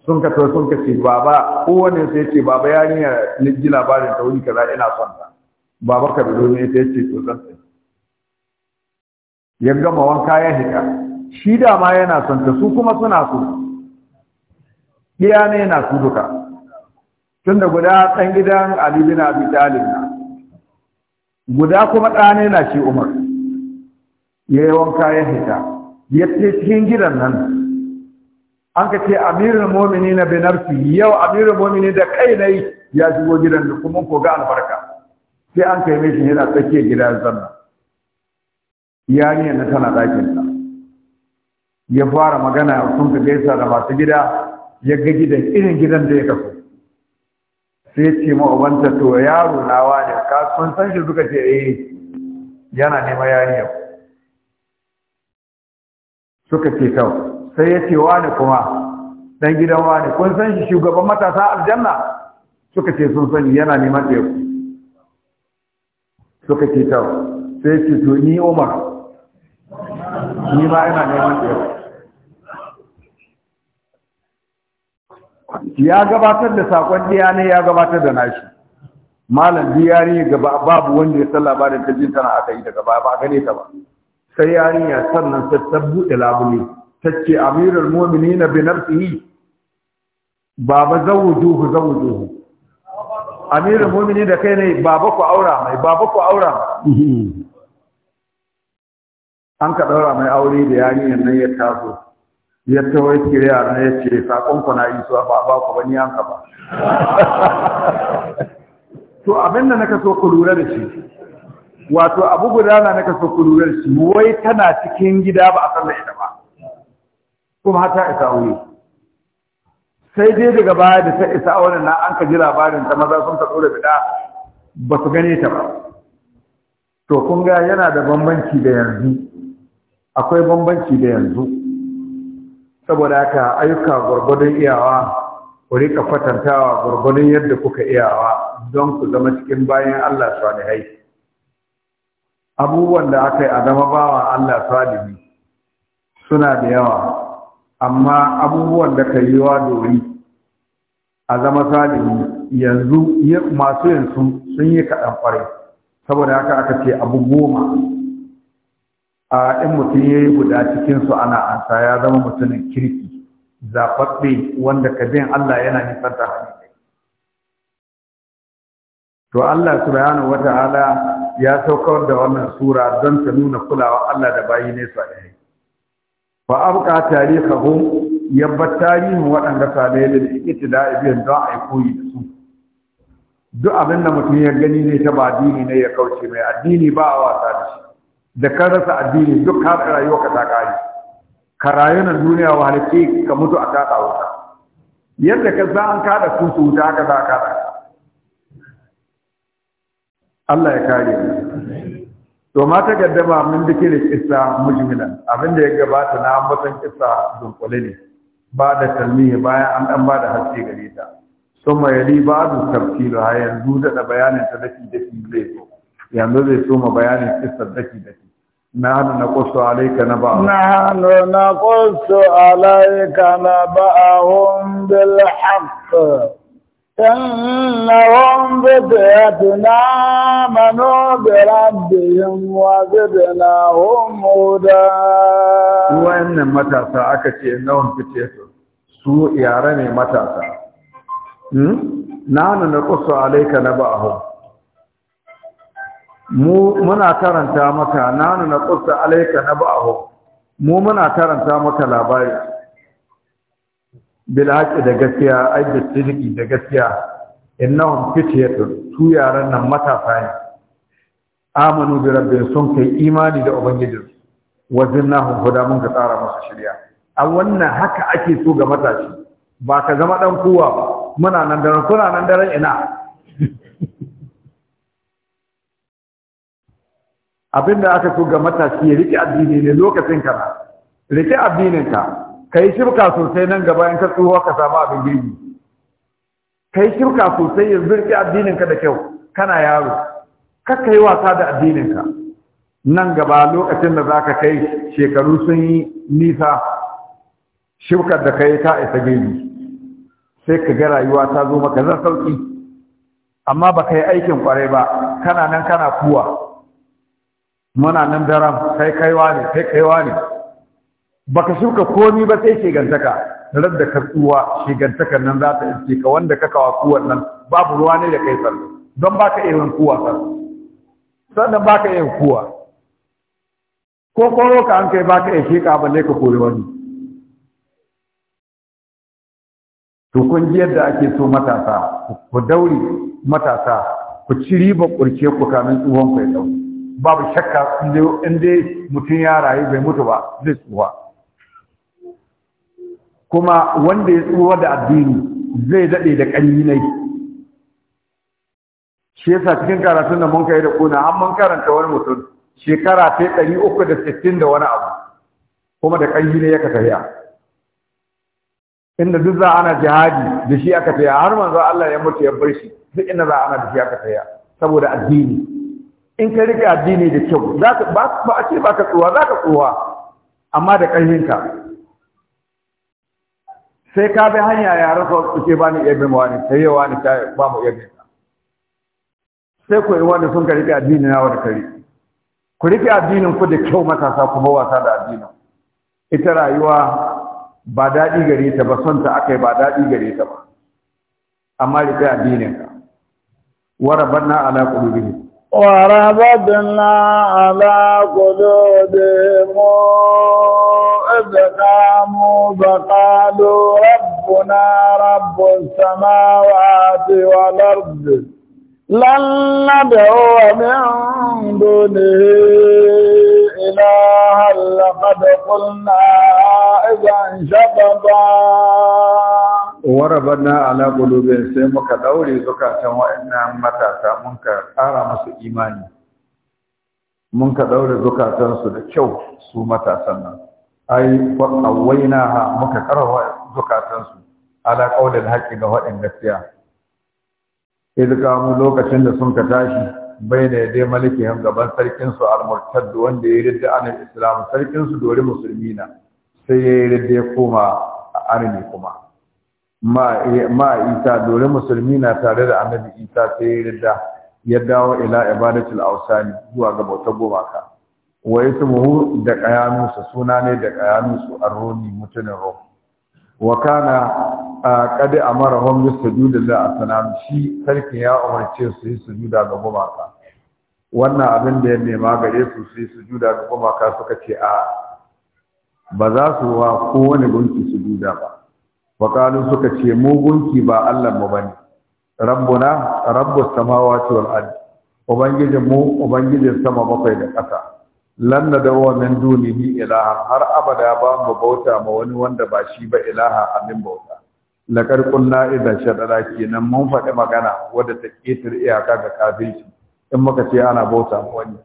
sun ka sun ka ce baba kowane sai ce baba yi ni ji labarin ta wuri kaza ina son ta baba ka bido ne sai ce to zan ya gama wanka ya hika shi da ma yana son ta su kuma suna so iya ne yana su duka tun da guda ɗan gidan Ali bin Abi Talib guda kuma ɗane na shi Umar ya yi wanka ya hika ya ce cikin gidan nan an ka ce amirin momini na bi yau amirin momini da kai na yi ya shigo gidan da kuma koga albarka sai an kai mishi yana tsakiyar gidan zanna yariyar na tana ɗakin ya fara magana sun ka gaisa da masu gida ya ga gidan irin gidan da ya kafu sai ce ma ubanta to yaro nawa ne ka sun san shi duka ce eh yana neman yariyar suka ce kawai sai ya ce wani kuma dan gidan wani kun san shi shugaban matasa aljanna suka ce sun sani yana neman ɗaya suka ce ta sai ce to ni umar ni ba yana neman ɗaya ya gabatar da sakon ɗaya ne ya gabatar da nashi malam biyari gaba babu wanda ya san labarin ta jin tana aka yi daga baya ba gane ta ba sai yarinya sannan ta buɗe labule tace amirul mu'minina bi nafsihi baba zawujuhu zawujuhu amirul mu'mini da kai ne baba ku aura mai baba ku aura an ka daura mai aure da yani nan ya taso ya tawo ya kire ya ce sakon ku na iso ba ba ku bani an ka ba to abin da naka so ku lura da shi wato abu guda na naka so ku lura da shi wai tana cikin gida ba a sallar ita ba kuma ta isa wuri sai dai daga baya da ta isa auren na an ka ji labarin ta maza sun taɓo da ba su gane ta ba to kun ga yana da bambanci da yanzu akwai bambanci da yanzu saboda haka ayyuka gwargwadon iyawa ku rika fatantawa gwargwadon yadda kuka iyawa don ku zama cikin bayan Allah salihai abubuwan da aka yi a zama bawa Allah salihi suna da yawa amma abubuwan da ka yi wa dori a zama salimi yanzu masu yanzu sun yi kaɗan ƙwarai saboda haka aka ce abu goma a ɗin mutum ya yi guda cikinsu ana ansa ya zama mutumin kirki zafaɓɓe wanda ka bin Allah yana nisan ta hannu to Allah subhanahu wata'ala ya saukar da wannan sura don ta nuna kulawa Allah da bayi ne salihai fa abqa tarikahum yabbat tarihin waɗanda sabai da ita da ibiyar don a yi koyi da su duk abin da mutum ya gani ne ta ba addini ne ya kauce mai addini ba a wasa da shi da ka rasa addini duk ka yau ka ta kare ka rayu na duniya wa halitta ka mutu a kaɗa wuta yadda ka za an kaɗa su su wuta haka za kaɗa Allah ya kare mu to ma ta gaddama min dikiri kissa mujmilan da ya gabata na ambatan kissa dunkule ne ba da talmihi bayan an dan ba da haske gare ta sun ma yali ba da tafsiru ha yanzu da bayanin ta daki daki zai zo yanzu zai so ma bayanin kissa daki daki نحن نقص عليك alaika na نقص عليك نبأهم بالحق إنهم بدعتنا آمنوا بربهم وزدناهم هدى وإن متاسا إنهم بدعتنا su yare ne matasa nanu na kusa alaika na mu muna karanta maka nanu na kusa alaika na ba'ahu mu muna karanta maka labari bil haqi da gaskiya ai da sidiki da gaskiya innahum fityatun su yaran nan matasa ne amanu bi rabbin sun kai imani da ubangijin wa zinnahum huda mun ka tsara musu shirya a wannan haka ake so ga matashi ba ka zama dan kowa ba muna nan daren kuna nan daren ina abinda aka so ga matashi ya rike addini ne lokacin kana rike ka. ka yi shirka sosai nan gaba in ka tsohuwa ka samu abin girbi ka yi shirka sosai yanzu riƙe addininka da kyau kana yaro kakka yi wasa da addininka nan gaba lokacin da za ka kai shekaru sun yi nisa shirkar da ka yi ta isa girbi sai ka ga rayuwa ta zo maka zan sauƙi amma ba ka yi aikin kwarai ba kana nan kana kuwa muna nan daram kai kaiwa ne kai kaiwa ne baka shuka komi ba sai shegantaka rar da ka tsuwa shegantakan nan za ta iske ka wanda ka kawa kuwan nan babu ruwa ne da kai sallah don baka irin kuwa sannan baka irin kuwa ko koro ka an kai baka iya ba ne ka kore wani to kun ji yadda ake so matasa ku dauri matasa ku ci riba kurce ku kamin tsohon ku ya babu shakka inda mutum ya rayu bai mutu ba zai tsuwa kuma wanda ya tsuwa da addini zai daɗe da ƙarni ne shi yasa cikin karatun da mun kai da kuna an mun karanta wani mutum shekara ta ɗari uku da sittin da wani abu kuma da ƙarni ne ya ka tafiya inda duk za ana jihadi da shi aka tafiya har manzo Allah ya mutu ya bar shi duk inda za ana da shi aka tafiya saboda addini in ka rike addini da kyau ba a ce ba ka tsuwa za ka tsuwa amma da ƙarfinka sai ka bi hanya ya rasa ku ce ba ni ebe ma wani sai yawa ni kayan, ba mu ebe bin sai ku yi wanda sun ka rike addini na wani kare ku rike addinin ku da kyau matasa kuma wasa da addinin ita rayuwa ba daɗi gare ta ba son ta aka yi ba daɗi gare ta ba amma rike addinin ka warabanna ala qulubihim وربطنا على قلوبهم إذ قاموا فقالوا ربنا رب السماوات والأرض لن ندعو من دونه إلها لقد قلنا إذا شططا وربنا على قلوبهم sai muka daure zukatan wa'annan matasa mun ka ƙara musu imani mun ka daure zukatan su da kyau su matasan nan ai wa awainaha muka zukatansu ala qaulil haƙƙi ga wadan gaskiya idkamu lokacin da sun ka tashi bai dai yadai malikihim gaban sarkin su al-murtad wanda ya ridda an islam sarkin su dore musulmina sai ya ridda ya koma arni kuma ma ma isa dore musulmina tare da annabi isa sai ya ridda ya dawo ila ibadatul awsani zuwa ga bautar gumaka wa ismuhu da qayanusu suna ne da qayanu su arroni mutunin ruh wa kana yi su bis da a sanar shi sarki ya umarce su yi su sujuda ga gumaka wannan abin da ya nema gare su su yi su sujuda ga gumaka suka ce a ba za su wa kowane gunki su sujuda ba wa suka ce mu gunki ba Allah mu bane rabbuna rabbus samawati wal ard ubangijin mu ubangijin sama bakwai da ƙasa lan nadawa min dunihi ilaha har abada ba mu bauta ma wani wanda ba shi ba ilaha amin bauta laƙar kunna idza shaɗara kenan mun faɗi magana wadda ta ƙetar iyaka ga kafirci in muka ce ana bauta ma wani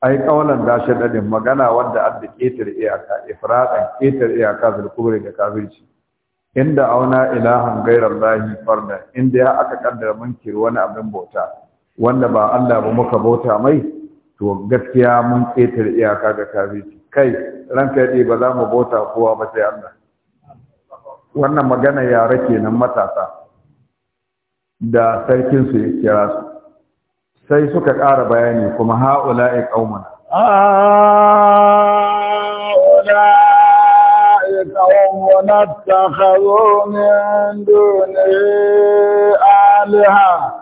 ai ƙaunar da shaɗaɗin magana wanda an da iyaka ifraɗan ƙetar iyaka kubri da kafirci inda auna ilahan gairar lahi farda inda ya aka kaddara munkir wani abin bauta wanda ba Allah ba muka bauta mai to gaskiya mun ƙetare iyaka ga kafirci kai ranka yade ba za mu bauta kowa ba sai Allah wannan magana yara kenan matasa da sarkin su ya kira su sai suka ƙara bayani kuma ha'ula'i qaumuna ha'ula'i qaumuna takhawun min duni alaha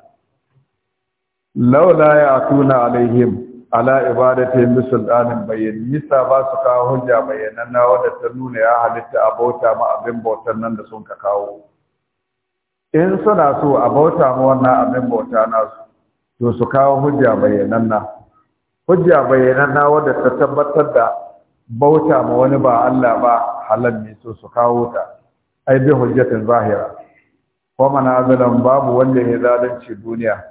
laula ya atuna alaihim ala ibadati musulmanin bayyin nisa ba su kawo hujja bayanan na wanda ta nuna ya halitta a bauta ma abin bautan nan da sun ka kawo in suna so a bauta ma wannan abin bauta nasu to su kawo hujja bayyanan na hujja bayyanan na wadda ta tabbatar da bauta ma wani ba Allah ba halal ne so su kawo ta ai bi hujjatin zahira kuma na azlam babu wanda ya zalunci duniya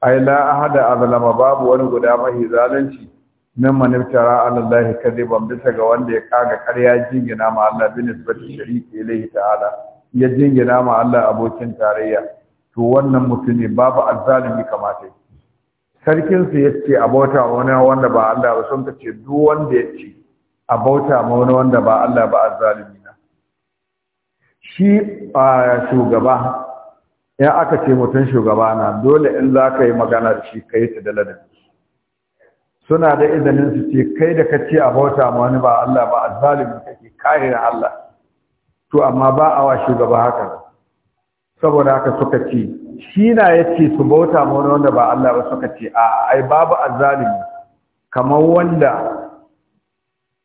ay la ahada azlama babu wani guda mahi zalunci min maniftara ala Allah kadiban bisa ga wanda ya kaga ƙarya jingina ma Allah bi nisbati shariki ilayhi ta'ala ya jingina ma Allah abokin tarayya to wannan mutune babu azzalimi kamata sarkin su yace abota wani wanda ba Allah ba sun kace duk wanda yace abota ma wani wanda ba Allah ba azzalimi na shi shugaba in aka ce mutum shugaba na dole in za ka yi magana da shi ka yi ta da ladabi suna da izinin su ce kai da ka ce a bauta ma wani ba Allah ba azzalimi kake kare da Allah to amma ba a wa shugaba haka saboda haka suka ce shi na yace su bauta ma wani wanda ba Allah ba suka ce a ai babu azzalimi kamar wanda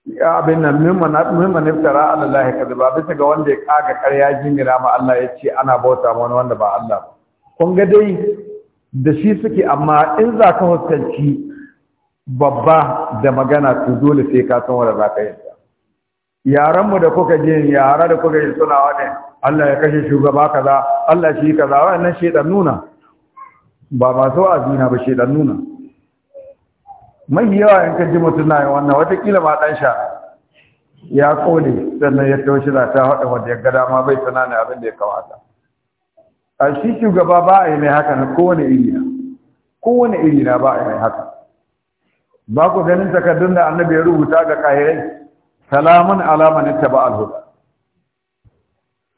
ya abin nan mimman iftara Allah ka da ba bisa ga wanda ya kaga karya jingira ma Allah ya ce ana bauta ma wani wanda ba Allah ba kun ga dai da shi suke amma in za ka hukunci babba da magana to dole sai ka san wanda za ka yi yaran mu da kuka je yara da kuka yi suna wani Allah ya kashe shugaba kaza Allah shi kaza wannan shedan nuna ba masu azina ba shedan nuna mai yawa in ka ji mutum na yi wannan watakila ma ɗan sha ya kone sannan ya taushi na ta haɗa wanda ya gada ma bai tunanin abin da ya kawata a shi shugaba ba a yi mai haka na kowane iri na kowane iri na ba a yi mai haka ba ku ganin takardun da annabi ya rubuta ga kahirai salamun alamanin ba alhuda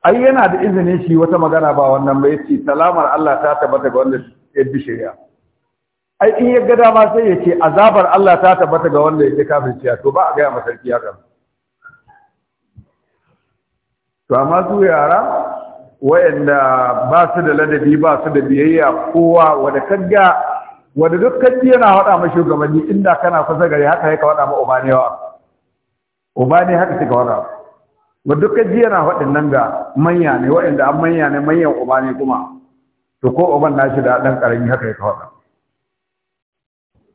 ai yana da izinin shi wata magana ba wannan bai ce salamar Allah ta tabbata ga wanda ya bi shari'a ai in ya gada ma sai ya ce azabar Allah ta tabbata ga wanda yake ciya to ba a gaya ma sarki haka to amma su yara wayanda ba su da ladabi ba su da biyayya kowa wanda kaga wanda duk kaji yana hada ma shugabanni inda kana kusa gari haka yake hada ma ubanewa ubane haka take hada wa duk kaji yana hadin nan ga manya ne wayanda an manya ne manyan ubane kuma to ko uban nashi da dan karami haka yake hada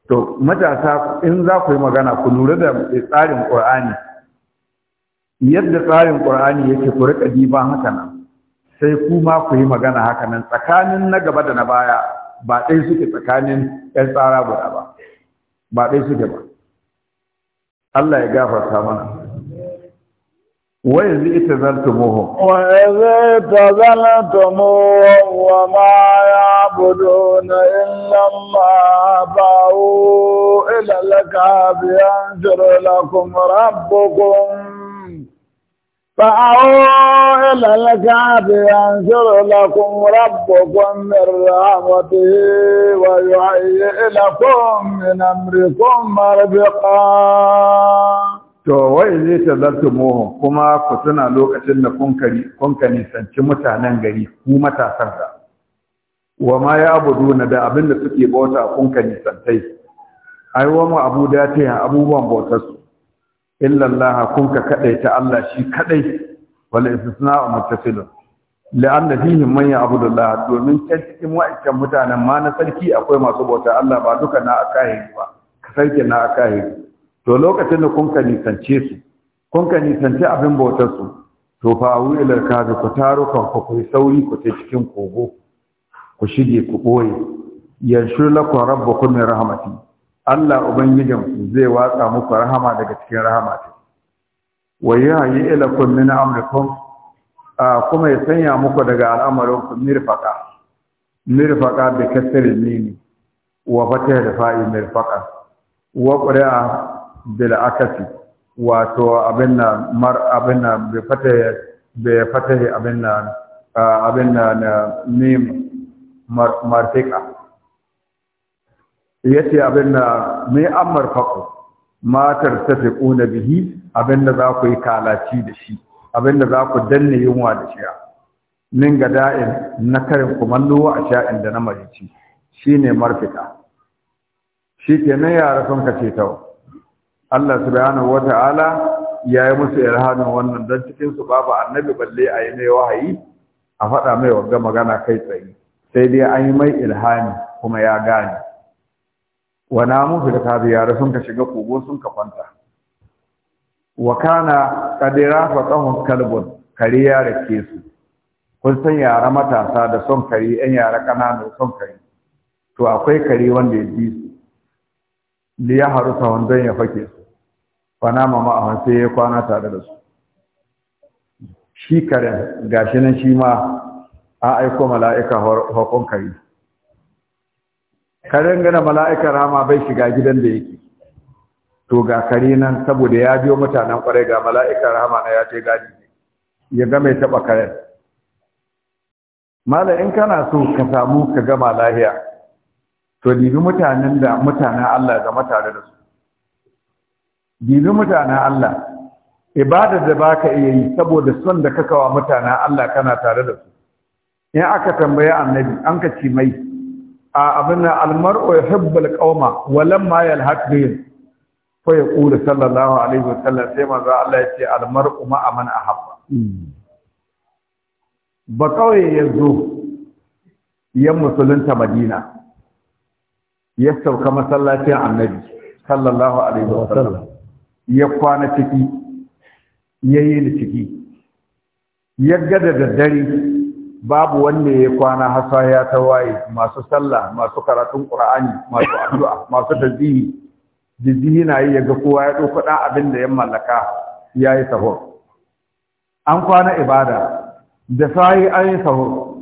to matasa in za ku yi magana ku lura da tsarin ƙur'ani yadda tsarin ƙur'ani yake ku riƙa diban haka nan sai ku ma ku yi magana haka nan tsakanin na gaba da na baya ba ɗai suke tsakanin 'yan tsara guda ba ba ɗai suke ba Allah ya gafarta mana وإذ اتذلتموهم وإذ اتذلتموهم وما يعبدون إلا الله فأووا إلى الكعب ينشر لكم ربكم فأووا إلى الكعب ينشر لكم ربكم من رحمته ويهيئ لكم من أمركم مرفقا to wai zai tazarta mohon kuma ku tuna lokacin da kunka nisanci mutanen gari ku matasan da wa ma ya abudu na da abin da suke bauta kunka nisantai ai wa mu abu da ta abubuwan bautar su kun kunka kadai ta Allah shi kadai wal istisna muttasilun la'anna fihim man ya'budu Allah domin cikin wa'ancan mutanen ma na sarki akwai masu bauta Allah ba duka na akahiri ba sarki na akahiri to lokacin da kun ka su kun ka abin bautar su to fa a ilal kafi ku taro kan ku kai sauri ku ta cikin kogo ku shige ku boye yanshur lakum rabbukum min rahmati Allah ubangijin zai watsa muku rahama daga cikin rahmati wa yahyi ilakum min amrikum kuma ya sanya muku daga al'amarin ku mirfaka mirfaka da kasirin ne wa fata da fa'i mirfaka wa ƙuri'a. bil akasi wato abin na mar abin na bi fatahi bi fatahi abin na abin na mim martika yace abin na mai ammar faqu matar kuna bihi abin da za ku yi kalaci da shi abin da za ku danne yunwa da shi min ga da'in na karin kumallo a sha'in da na marici shine marfika shi kenan yara sun kace tawo Allah subhanahu wata'ala ya yi musu irhanin wannan don cikin su babu annabi balle a yi mai wahayi a faɗa mai wagga magana kai tsaye sai dai an yi mai ilhami kuma ya gane wa namu da ta yare sun ka shiga kogo sun ka kwanta wa kana kadira fa tahun kalbun kare ya rake su kun san yara matasa da son kare yan yara ƙananan son kare to akwai kare wanda ya ji su liya haru harusa wanda ya fake su kwana ma a sai ya kwana tare da su shi karen gashi nan shi ma a aiko mala'ika hakon kare karen gana mala'ika rama bai shiga gidan da yake to ga kare nan saboda ya biyo mutanen kwarai ga mala'ika rama na ya ce gadi ya ga mai taba kare mala in kana so ka samu ka gama lahiya to dibi mutanen da mutanen Allah zama tare da su dibi mutanen Allah ibada da baka iya yi saboda son da kaka wa mutanen Allah kana tare da su in aka tambaye annabi an ka ci mai a abin almar'u yuhibbul qauma walamma yalhaq Ko fa yaqulu sallallahu alaihi wa sallam sai manzo Allah ya ce almar'u ma a ahabba ba kawai zo yan musulunta madina ya sauka masallacin annabi sallallahu alaihi wa sallam ya kwana ciki ya yi ni ciki ya gada da dare babu wanda ya kwana hasa ya waye masu sallah masu karatun qur'ani masu addu'a masu tasbihi jijjihi na yi ya ga kowa ya ɗauka ɗan abin da ya mallaka ya yi sahur an kwana ibada da sayi an yi sahur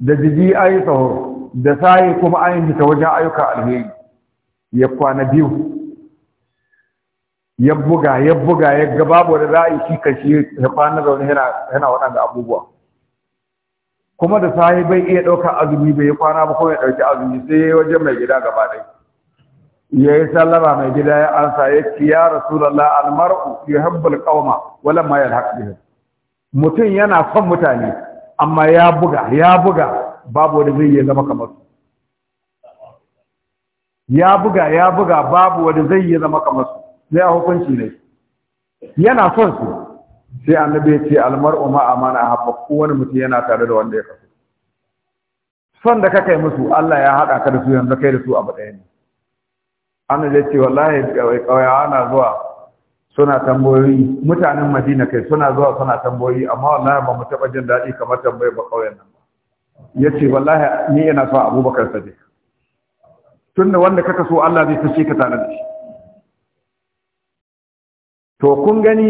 da jiji an yi sahur da sayi kuma an yi ta wajen ayyuka alheri ya kwana biyu ya buga ya buga ya ga babu da za a yi shi ka shi ya kwana zaune yana waɗanda abubuwa kuma da sahi bai iya ɗaukar azumi bai kwana ba kuma ya ɗauki azumi sai ya wajen mai gida gaba ɗai ya yi sallama mai gida ya ansa ya ce ya rasulallah almar'u yuhibbul qauma wala ma yalhaq bihim mutum yana son mutane amma ya buga ya buga babu wani zai iya zama kamar su ya buga ya buga babu wani zai iya zama kamar su sai a hukunci ne yana son su sai annabi ya ce almar'u ma amana habba kowane mutum yana tare da wanda ya kasu. son da ka kai musu Allah ya haɗa ka da su yanzu kai da su abu ɗaya ne annabi ya ce wallahi ƙauyawa na zuwa suna tambayoyi mutanen Madina kai suna zuwa suna tambayoyi amma wallahi ba mu taɓa jin daɗi kamar tambayar ba ƙauyen nan ba ce wallahi ni yana son Abubakar Sadiq tunda wanda kaka so Allah zai tashi ka tare da shi to kun gani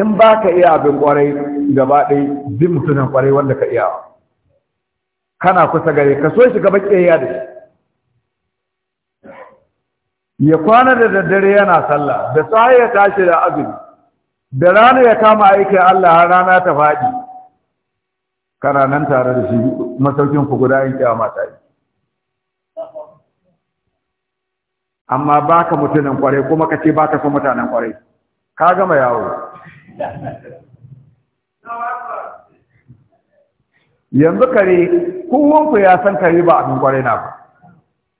in ba ka iya abin kwarai gaba ɗai bi mutumin kwarai wanda ka iya kana kusa gare ka so shi gaba ƙeya da shi ya kwana da daddare yana sallah da sahi ya tashi da azumi da rana ya kama aikin Allah har rana ta faɗi kana nan tare da shi masaukin ku guda in kiyama ta yi amma baka mutunan kwarai kuma ka ce baka son mutanen kwarai ka gama yawo yanzu kare kowanku ya san kare ba abin kwarai na ba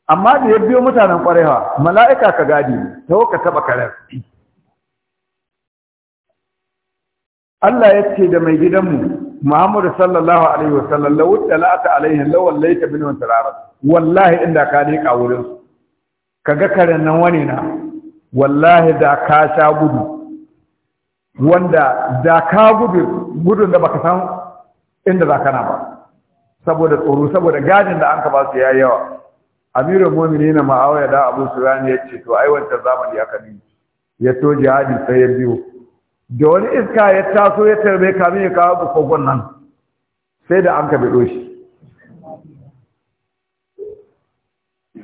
amma da ya biyo mutanen kwarai ha mala'ika ka gadi ta ka taba karen Allah ya ce da mai gidanmu Muhammadu sallallahu alaihi wasallam da la'ata alaihi lawallaita bin rara, wallahi inda ka ne wurinsu kaga karen nan wani na wallahi da ka sha gudu wanda da ka gudu gudun da baka san inda za kana ba saboda tsoro saboda gadin da an ka ba su yayi yawa amirul mu'minin ma'awaya da abu sufyan ya ce to ai wancan zamani aka bi ya to jihadi sai ya biyo da wani iska ya taso ya tarbe kamin ya kawo bukogon nan sai da an ka biɗo shi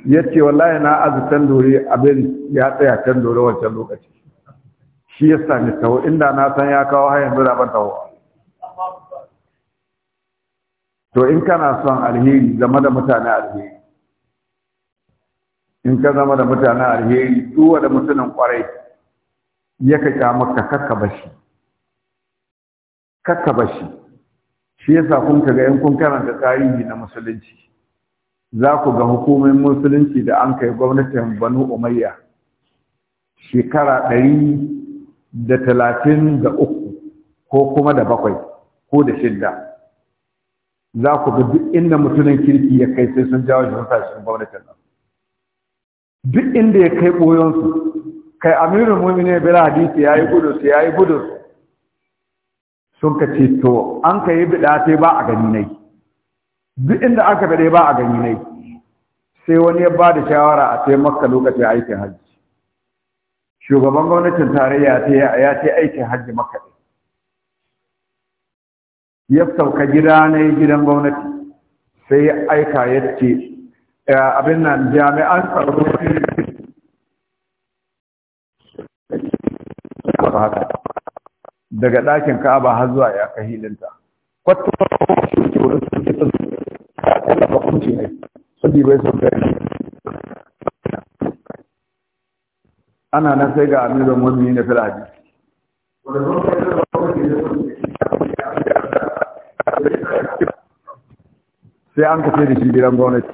ya ce wallahi na azutan dore abin ya tsaya can dore wancan lokaci shi ya sami taho inda na san ya kawo hayan zura ban taho to in kana son alheri zama da mutane alheri in ka zama da mutane alheri duwa da mutunan kwarai ya ka kya maka kakka shi, kakka shi shi ya sa kun ka in kun karanta tarihi na musulunci za ku ga hukumomin musulunci da an kai gwamnatin banu umayya shekara ɗari da talatin da uku ko kuma da bakwai ko da shidda za ku ga duk inda mutumin kirki ya kai sai sun jawo shi mutashin gwamnatin nan duk inda ya kai ɓoyonsu kai amirul mu'minin bila hadisi ya yi gudu su ya yi gudu sun kace ce to an ka yi biɗa sai ba a gani nai duk inda aka fade ba a gani nai sai wani ya ba da shawara a sai makka lokacin aikin hajji shugaban gwamnatin tarayya ya ce aikin hajji makka ɗin ya sauka gida na gidan gwamnati sai ya aika ya ce abin nan jami'an tsaro daga ɗakin ka'aba har zuwa ya kahilinta kwatta ne sabi bai sun ana nan sai ga amirin mulmi na filaji sai an kace da shi gidan gwamnati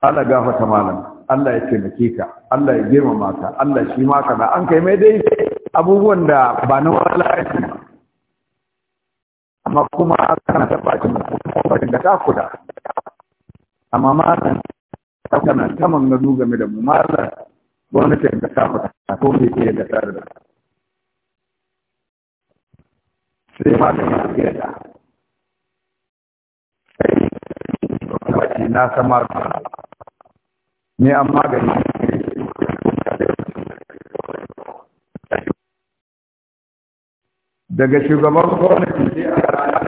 Allah gafata malam Allah ya taimake ka Allah ya girmama ka Allah shi ma kana an kai mai dai abubuwan da ba na wala amma kuma kana tabbacin mutum da ka kuda amma malam kana taman na zu game da mu malam gwamnatin da ka kuda ko me ke da tsari da sai ma ya ce da na samar ne an magani daga shugaban gwamnati sai a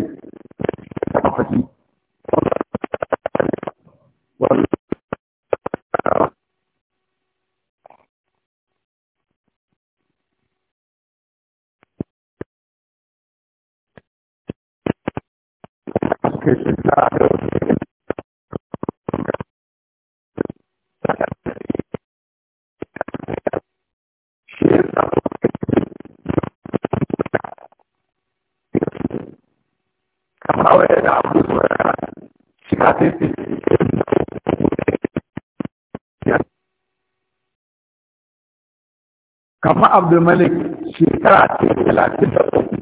kuma abdulmalik shekara ce talatin da uku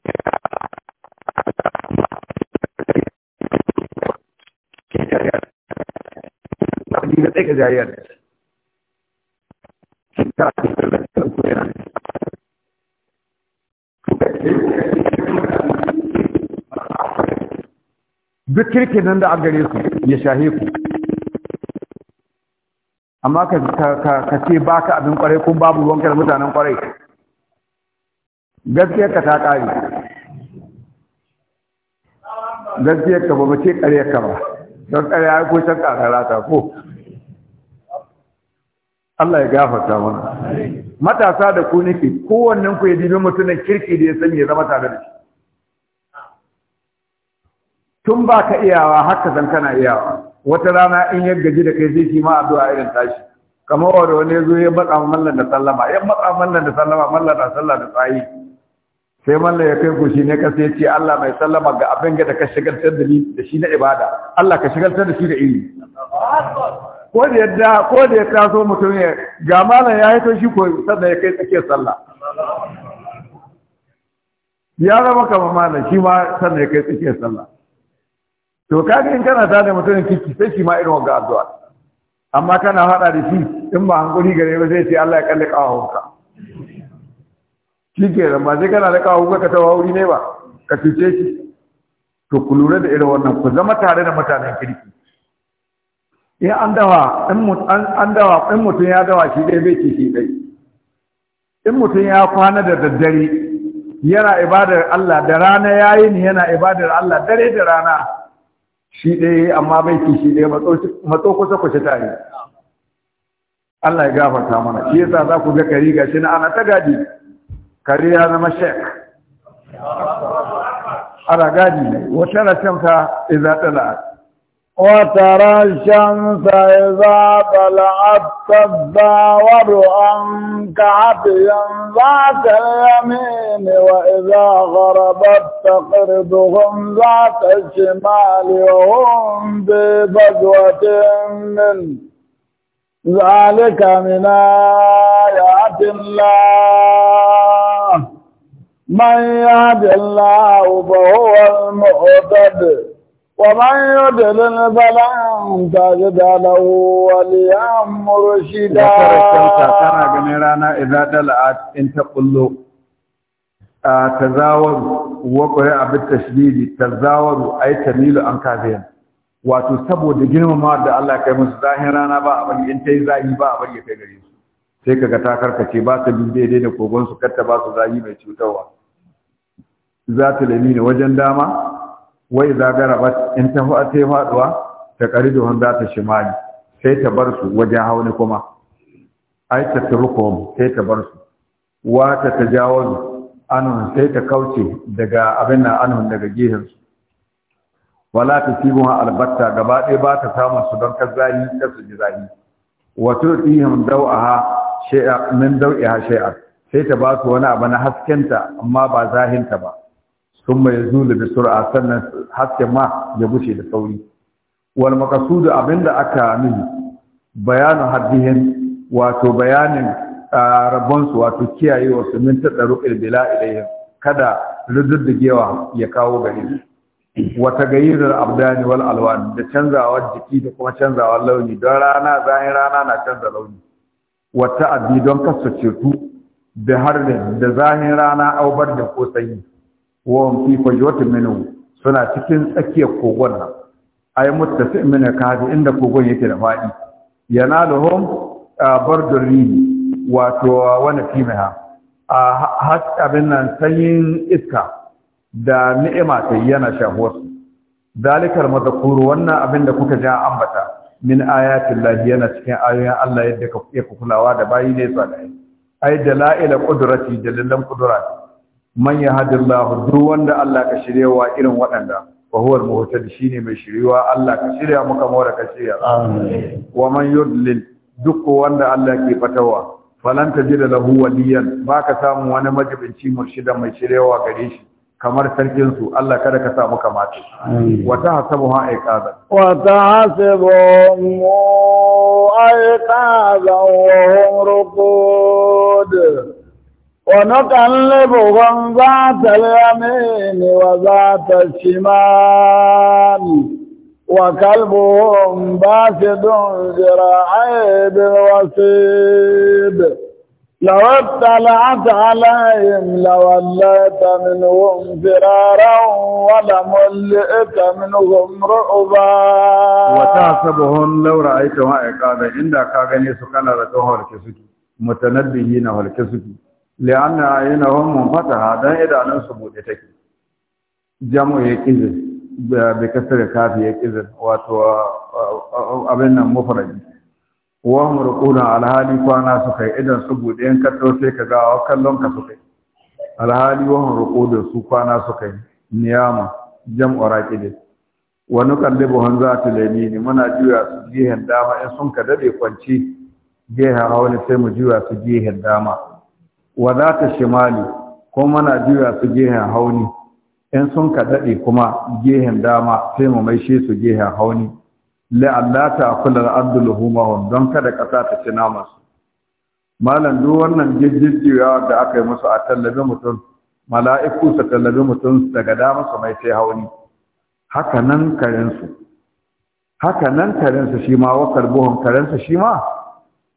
da tsaye jariyar shekara ce talatin da uku yana duk kirkin nan amma ka ce ba ka abin kwarai kun babu ruwanka da mutanen kwarai ka ta Gaskiya ka ba mace ka ba don ƙarya ya ko can ƙarara ta ko Allah ya gafarta mana matasa da ku nake kowannen ku ya dibi mutunan kirki da ya sani ya zama tare da shi tun ba ka iyawa haka zan kana iyawa wata rana in yaggaji gaji da kai zai shi ma addu'a irin tashi kamar wanda wani ya zo ya matsa mallan da sallama ya matsa mallan da sallama mallan da sallah da tsayi sai mallan ya kai kushi ne kasa ya ce Allah mai sallama ga abin da ka shigaltar da ni da shi na ibada Allah ka shigaltar da shi da ilimi ko da yadda ko da ya taso mutum ya ga mallan ya yi to shi ko sannan ya kai tsakiyar sallah ya zama kamar mallan shi ma sannan ya kai tsakiyar sallah to kaga in kana tare da mutumin kiki sai shi ma irin wanga addu'a amma kana hada da shi in ba hankuri gare ba zai ce Allah ya kalli ƙawahunka. shi ke ba zai kana da kawahunka ka ta wuri ne ba ka cuce shi to ku lura da irin wannan ku zama tare da mutanen kirki in an dawa in an dawa in mutum ya dawa shi dai bai ci shi dai in mutum ya kwana da daddare yana ibadar Allah da rana yayin ni yana ibadar Allah dare da rana shi ɗaya amma bai shi ɗaya matso kusa kusa tare Allah ya gafarta mana shi yasa za ku ga kari ga shi na ana ta gadi kari ya zama shek ana gadi ne wata rashin ka iza وترى الشمس إذا طلعت تتزاور عن كعبياً ذات اليمين وإذا غربت تقرضهم ذات الشمال وهم بفجوة من ذلك من آيات الله من يهد الله فهو المؤتد ومن يضلل فلن تجد له وليا مرشدا ذكر الشمس ترى جنيرانا إذا دلعت إن تقول تزاوز وقرأ بالتشديد تزاوز أي تميل عن كافين wato saboda girmama da Allah kai musu zahin rana ba a bari in ta yi zahi ba a bari ya kai gare sai kaga ta karkace ba ta bin daidai da kogon su katta ba su zahi mai cutarwa za ta lamina wajen dama wai za garabat in ta ta faduwa ta karidu da wanda ta shimali sai ta bar su wajen hauni kuma ai ta turkuhum sai ta bar su wa ta tajawazu anun sai ta kauce daga abin nan anun daga gihin su wala ta sibuha albatta gaba ɗaya ba ta samun su don kazzani ta su ji zahi wa turqihim daw'aha shay'a min daw'iha shay'a sai ta ba su wani abu na haskenta amma ba zahinta ba sun mai zulu da sur'a sannan hasken ma ya bushe da sauri da abin da aka nuni bayanin haddihin wato bayanin rabon wato wato kiyayewa su min tadaruqil bila ilayhi kada rududdugewa ya kawo gari. wata gayirar abdani wal alwan da canzawar jiki da kuma canzawar launi don rana zahin rana na canza launi wata abi don kasa cetu da harin da zahin rana aubar da kosayi wa fi fajwatin minhu suna cikin tsakiyar kogon nan ay muttasi min kafi inda kogon yake da a bar bardur rihi wato wani fimaha a abin nan sanyin iska da ni'ima ta yana shahuwar su dalikar mazakuru wannan abin da kuka ja ambata min ayatin lahi yana cikin ayoyin Allah yadda ka kulawa da bayi ne tsalai ai da la'ila da dalilan kudurati. man yahdillahu duk wanda Allah ka shiryawa irin waɗanda wa huwa al-muhtad shine mai shiriwa Allah ka shirya muka mora ka shirya amin wa man yudlil duk wanda Allah ke fatawa falan tajida lahu waliyan baka samu wani majibinci murshida mai shiryawa gare shi kamar sarkin su Allah kada ka samu kamata wa tahsabuha aiqaza wa tahsabuhum aiqaza wa hum ruqud ونقلبهم ذات اليمين وذات الشمال وكلبهم باسد ذراعي بالوسيد لو اطلعت عليهم لوليت منهم فرارا ولملئت منهم رعبا وتعصبهم لو رأيتهم عقابا عندك اغني سكان رتوها الكسكي متنبهين والكسكي li'anna aynahum munfataha dan idanun su bude take jamu ya kizi bi kasar kafi ya kizi wato abin nan mufradi wa hum ruquna alhali kwana su kai su bude in ka sai ka ga kallon ka su kai alhali wa hum ruquna su kwana su niyama jam'u raqidin wa nuqallibuhum zata laymin muna juya su gehen dama in sun ka dade kwanci gehen hawali sai mu juya su gehen dama wa za ta shimali ko muna juya su gehen hauni in sun ka daɗe kuma gehen dama sai mu maishe su gehen hauni kula akula ardu luhumahum don kada ƙasa ta ci naman su malam duk wannan jijjiyawa da aka yi musu a tallabi mutum mala'iku su tallabi mutum daga dama su mai sai hauni haka nan karensu haka nan karensu shi ma wakar buhun karensu shi ma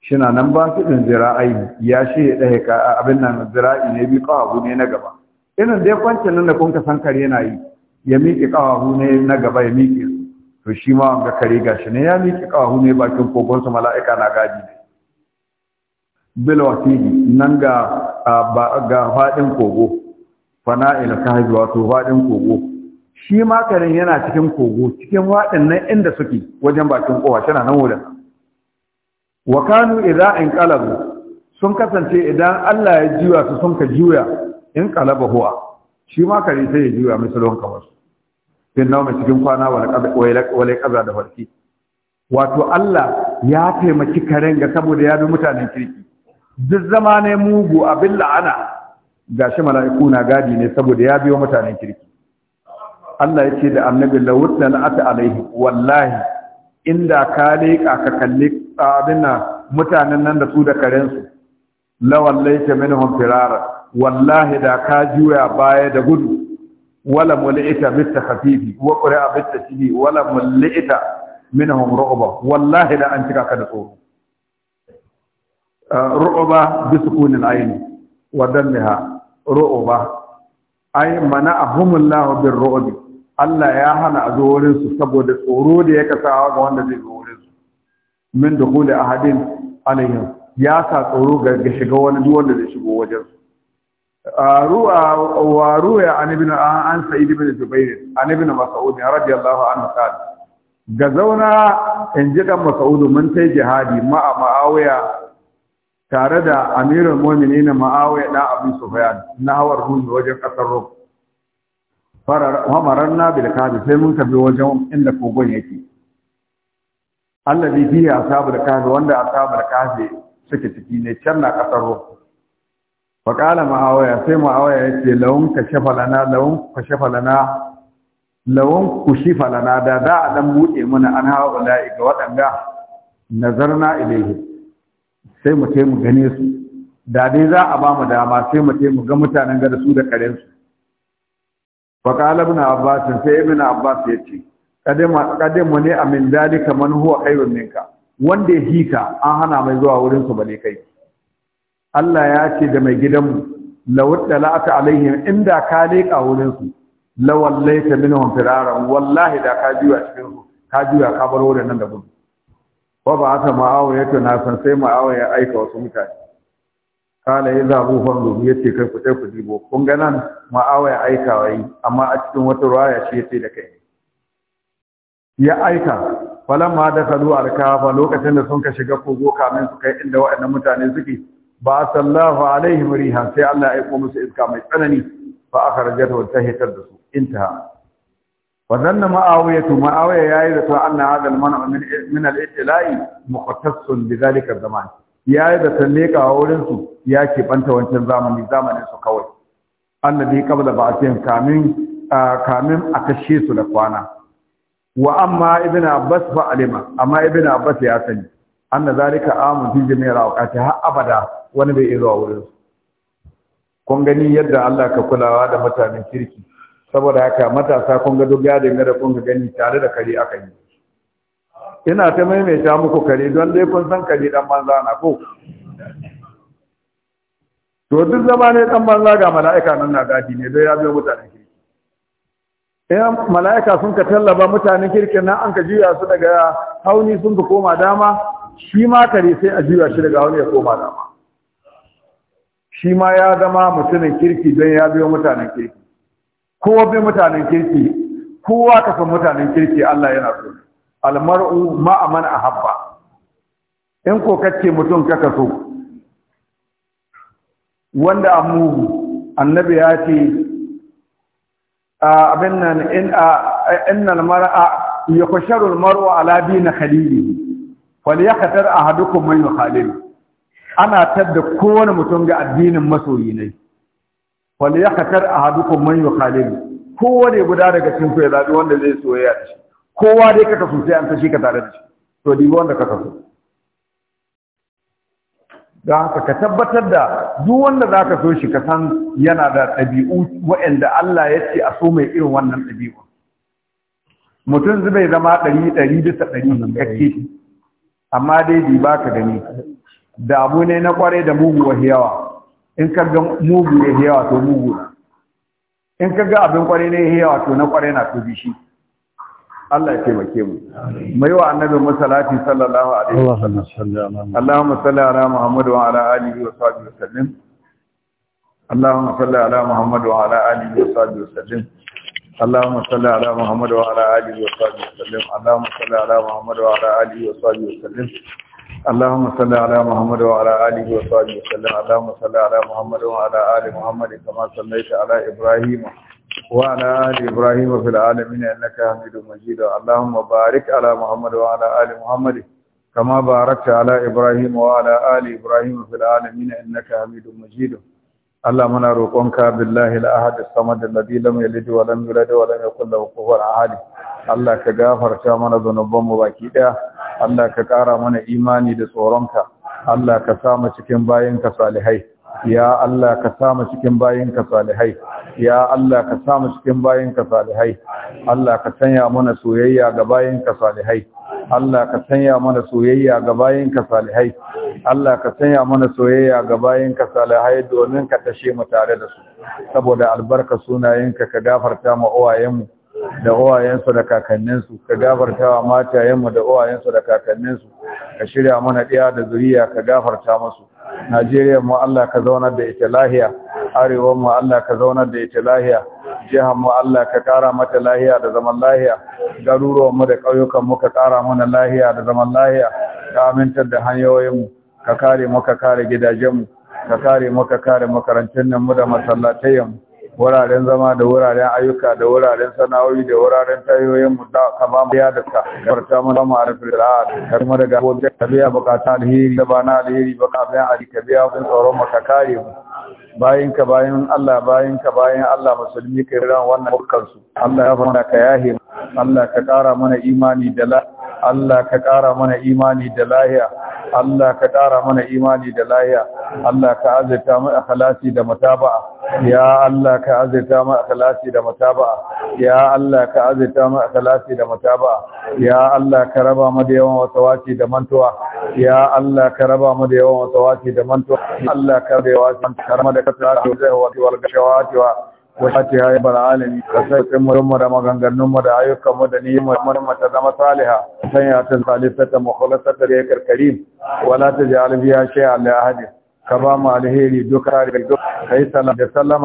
shina nan ba su din zira'ai ya shi ɗaya ka abin nan zira'i ne bi ƙawahu ne na gaba irin dai kwancin nan da kun ka san kare yana yi ya miƙe ƙawahu ne na gaba ya miƙe su to shi ma wanga kare gashi ne ya miƙe ƙawahu ne bakin kogon su mala'ika na gadi ne bil nan ga ga fadin kogo fana'il kahfi wato fadin kogo shi ma karen yana cikin kogo cikin waɗannan inda suke wajen bakin kowa tana nan wurin wa kanu idza inqalabu sun kasance idan Allah ya jiwa su sun ka juya in qalaba huwa shi ma kare sai ya juya misalon kamar su bin nawa cikin kwana wala kaza da farki wato Allah ya taimaki karen ga saboda ya bi mutanen kirki duk zama ne mugu abin la'ana gashi mala'iku na gadi ne saboda ya biyo mutanen kirki Allah ya ce da annabi lawutna ata alaihi wallahi inda ka leka ka kalli abin nan mutanen nan da su da karensu lawallaita minhum firara wallahi da ka juya baya da gudu wala mul'ita bitakhafifi wa qira'a bitashihi wala mul'ita minhum ru'ba wallahi da an cika ka da tsoro ah, ru'ba bi sukunin ayn wa dammiha ru'ba ay bir ru'bi Allah ya hana a su saboda tsoro da ya kasawa ga wanda zai zo min a ahadin alayhim ya sa tsoro ga shiga wani duk wanda zai shigo wajen ruwa wa ru'a an ibn an sa'id ibn jubair an ibn mas'ud radiyallahu anhu qala ga zauna in ji dan mas'ud mun tai jihadi ma'a ma'awiya tare da amirul mu'minin ma'awiya da abu sufyan na hawar ruhi wajen kasar rum famaran na bil kabi sai mun tafi wajen inda kogon yake allazi fihi ashabul kahfi wanda ashabul kahfi suke ciki ne can na kasar ruh fa qala sai sai muawiya yace lawan ka shafa lana lawan ka shafa lana lawan ku shifa lana da da a dan bude mana an hawa ula'i ga na nazarna ilaihi sai mu ce mu gane su da dai za a ba mu dama sai mu ce mu ga mutanen ga da su da karensu. su fa qala ibn abbas sai ibn abbas yace kadimu ne a min dalika kamar huwa minka wanda ya hika an hana mai zuwa wurinsu ba ne kai Allah ya ce da mai gidanmu lawalla la'ata alaihim inda ka leka wurin su lawallaita firaran wallahi da ka juya cikin su ka juya ka bar wurin nan da gudu wa ba ta na san sai ma'awiya aika wasu mutane kala ya zabu fanzu ya ce kai ku ku dibo kun ga nan aikawa yi amma a cikin wata ruwaya ce ya ce da kai ya aika falan ma da kalu alkafa lokacin da sun ka shiga kogo kamin su kai inda waɗannan mutane suke ba sallahu alaihim riha sai Allah ya aiko musu iska mai tsanani fa akhrajatu ta hitar da su intaha wa zanna ma'awiyatu ma'awiya yayi da to anna hada al-man'u min min al-ittila'i muqtassun bi zalika zaman yi da talleka a wurin su ya ke banta wancan zamani zamanin su kawai annabi qabla ba'atihim kamin ah, kamin a kashe su da kwana wa amma ibn abbas fa alima amma ibn abbas ya sani anna zalika amun fi jami'ar awqati har abada wani bai zuwa wurin kun gani yadda Allah ka kulawa da mutanen kirki saboda haka matasa kun ga duk yadin da kun gani tare da kare aka yi ina ta maimaita muku kare don dai kun san kare dan banza na ko to duk zama ne dan banza ga mala'ika nan na gadi ne dai ya biyo mutanen kirki yan mala'ika sun ka tallaba mutanen kirkin nan an ka juya su daga hauni sun ka koma dama shi ma kare sai a juya shi daga hauni ya koma dama shi ma ya zama mutumin kirki don ya biyo mutanen kirki kowa bi mutanen kirki kowa ka san mutanen kirki Allah yana so almar'u ma'a a ahabba in ko kace mutum kaka so wanda amugu annabi ya ce abin nan innal mar'a yuksharu al mar'u ala dini khalili falyakatar ahadukum man yukhalil ana tadda kowane mutum ga addinin masoyi ne falyakatar ahadukum man yukhalil kowane guda daga cikin ku ya zaɓi wanda zai soyayya da shi kowa dai kaka sosai sai an tashi ka tare da shi to dibi wanda kaka so don haka ka tabbatar da duk wanda za ka so shi ka san yana da ɗabi'u waɗanda Allah ya ce a so mai irin wannan ɗabi'u mutum zubai zama ɗari ɗari bisa ɗari kake amma dai bi ba ka gani da abu ne na kwarai da mugu wa yawa in ka ga mugu ya yawa to mugu na in ka ga abin kwarai ne yawa to na kwarai na to bishi. shi Allah ya taimake mu mai wa annabi musallati sallallahu alaihi wa sallam. Allahumma salli ala Muhammad wa ala alihi wa sahbihi wasallam Allahumma salli ala Muhammad wa ala alihi wa sahbihi wasallam Allahumma salli ala Muhammad wa ala alihi wa sahbihi wasallam Allahumma salli ala Muhammad wa ala alihi wa sahbihi wasallam اللهم صل على محمد وعلى اله وصحبه وسلم اللهم صل على محمد وعلى ال محمد كما صليت على ابراهيم وعلى آل إبراهيم في العالمين إنك حميد مجيد اللهم بارك على محمد وعلى آل محمد كما باركت على إبراهيم وعلى آل إبراهيم في العالمين إنك حميد مجيد اللهم انا روقك بالله الاحد الصمد الذي لم يلد ولم يولد ولم يكن له كفوا احد الله ka gafarta mana zanuban mu baki daya Allah ka kara mana imani da tsoronka Allah ka sa mu cikin bayinka salihai ya Allah ka sa mu cikin bayinka salihai ya Allah ka sa mu cikin bayinka salihai Allah ka sanya mana soyayya ga bayinka salihai Allah ka sanya mana soyayya ga bayinka salihai Allah ka sanya mana soyayya ga bayinka salihai domin ka tashe mu tare da su saboda albarka sunayenka ka gafarta mu uwayenmu da uwayensu da kakanninsu ka gafarta wa matayenmu da uwayensu da kakanninsu ka shirya mana ɗaya da zuriya ka gafarta musu Najeriya mu Allah ka zaunar da ita lahiya arewa mu Allah ka zaunar da ita lahiya jihar mu Allah ka kara mata lahiya da zaman lahiya garuruwan mu da ƙauyukan mu ka kara mana lahiya da zaman lahiya ka amintar da hanyoyin mu ka kare mu ka kare gidajen mu ka kare mu ka kare makarantun nan mu da masallatayen mu wuraren zama da wuraren ayyuka da wuraren sana'o'i da wuraren tayoyin mu da ka ba mu ya da ka farta mu da mu arfira da kuma daga wanda ka biya bukata da hiri da bana da hiri ba ka biya ali ka biya kun tsoron maka kare mu bayin ka bayin Allah bayin ka bayin Allah musulmi kai ran wannan bukkan su Allah ya fara ka yahi Allah ka kara mana imani da la Allah ka ƙara mana imani da lahiya Allah ka ƙara mana imani da lahiya Allah ka azurta mu akhlasi da mutaba'a ya Allah ka azurta mu akhlasi da mutaba'a ya Allah ka azurta mu akhlasi da mutaba'a ya Allah ka raba mu da yawan wasawaci da mantuwa ya Allah ka raba mu da yawan wasawaci da mantuwa Allah ka da yawan karama da kasara da wal gashawati wa wata ya yi bala'alin kasar tsimurinmu da maganganunmu da ayyukanmu da neman mata zama saliha san ya ta salisa ta makwalasa ta rekar karim wala ta ji alfiya shi a lahadi ka ba mu alheri duka da duka ka yi salama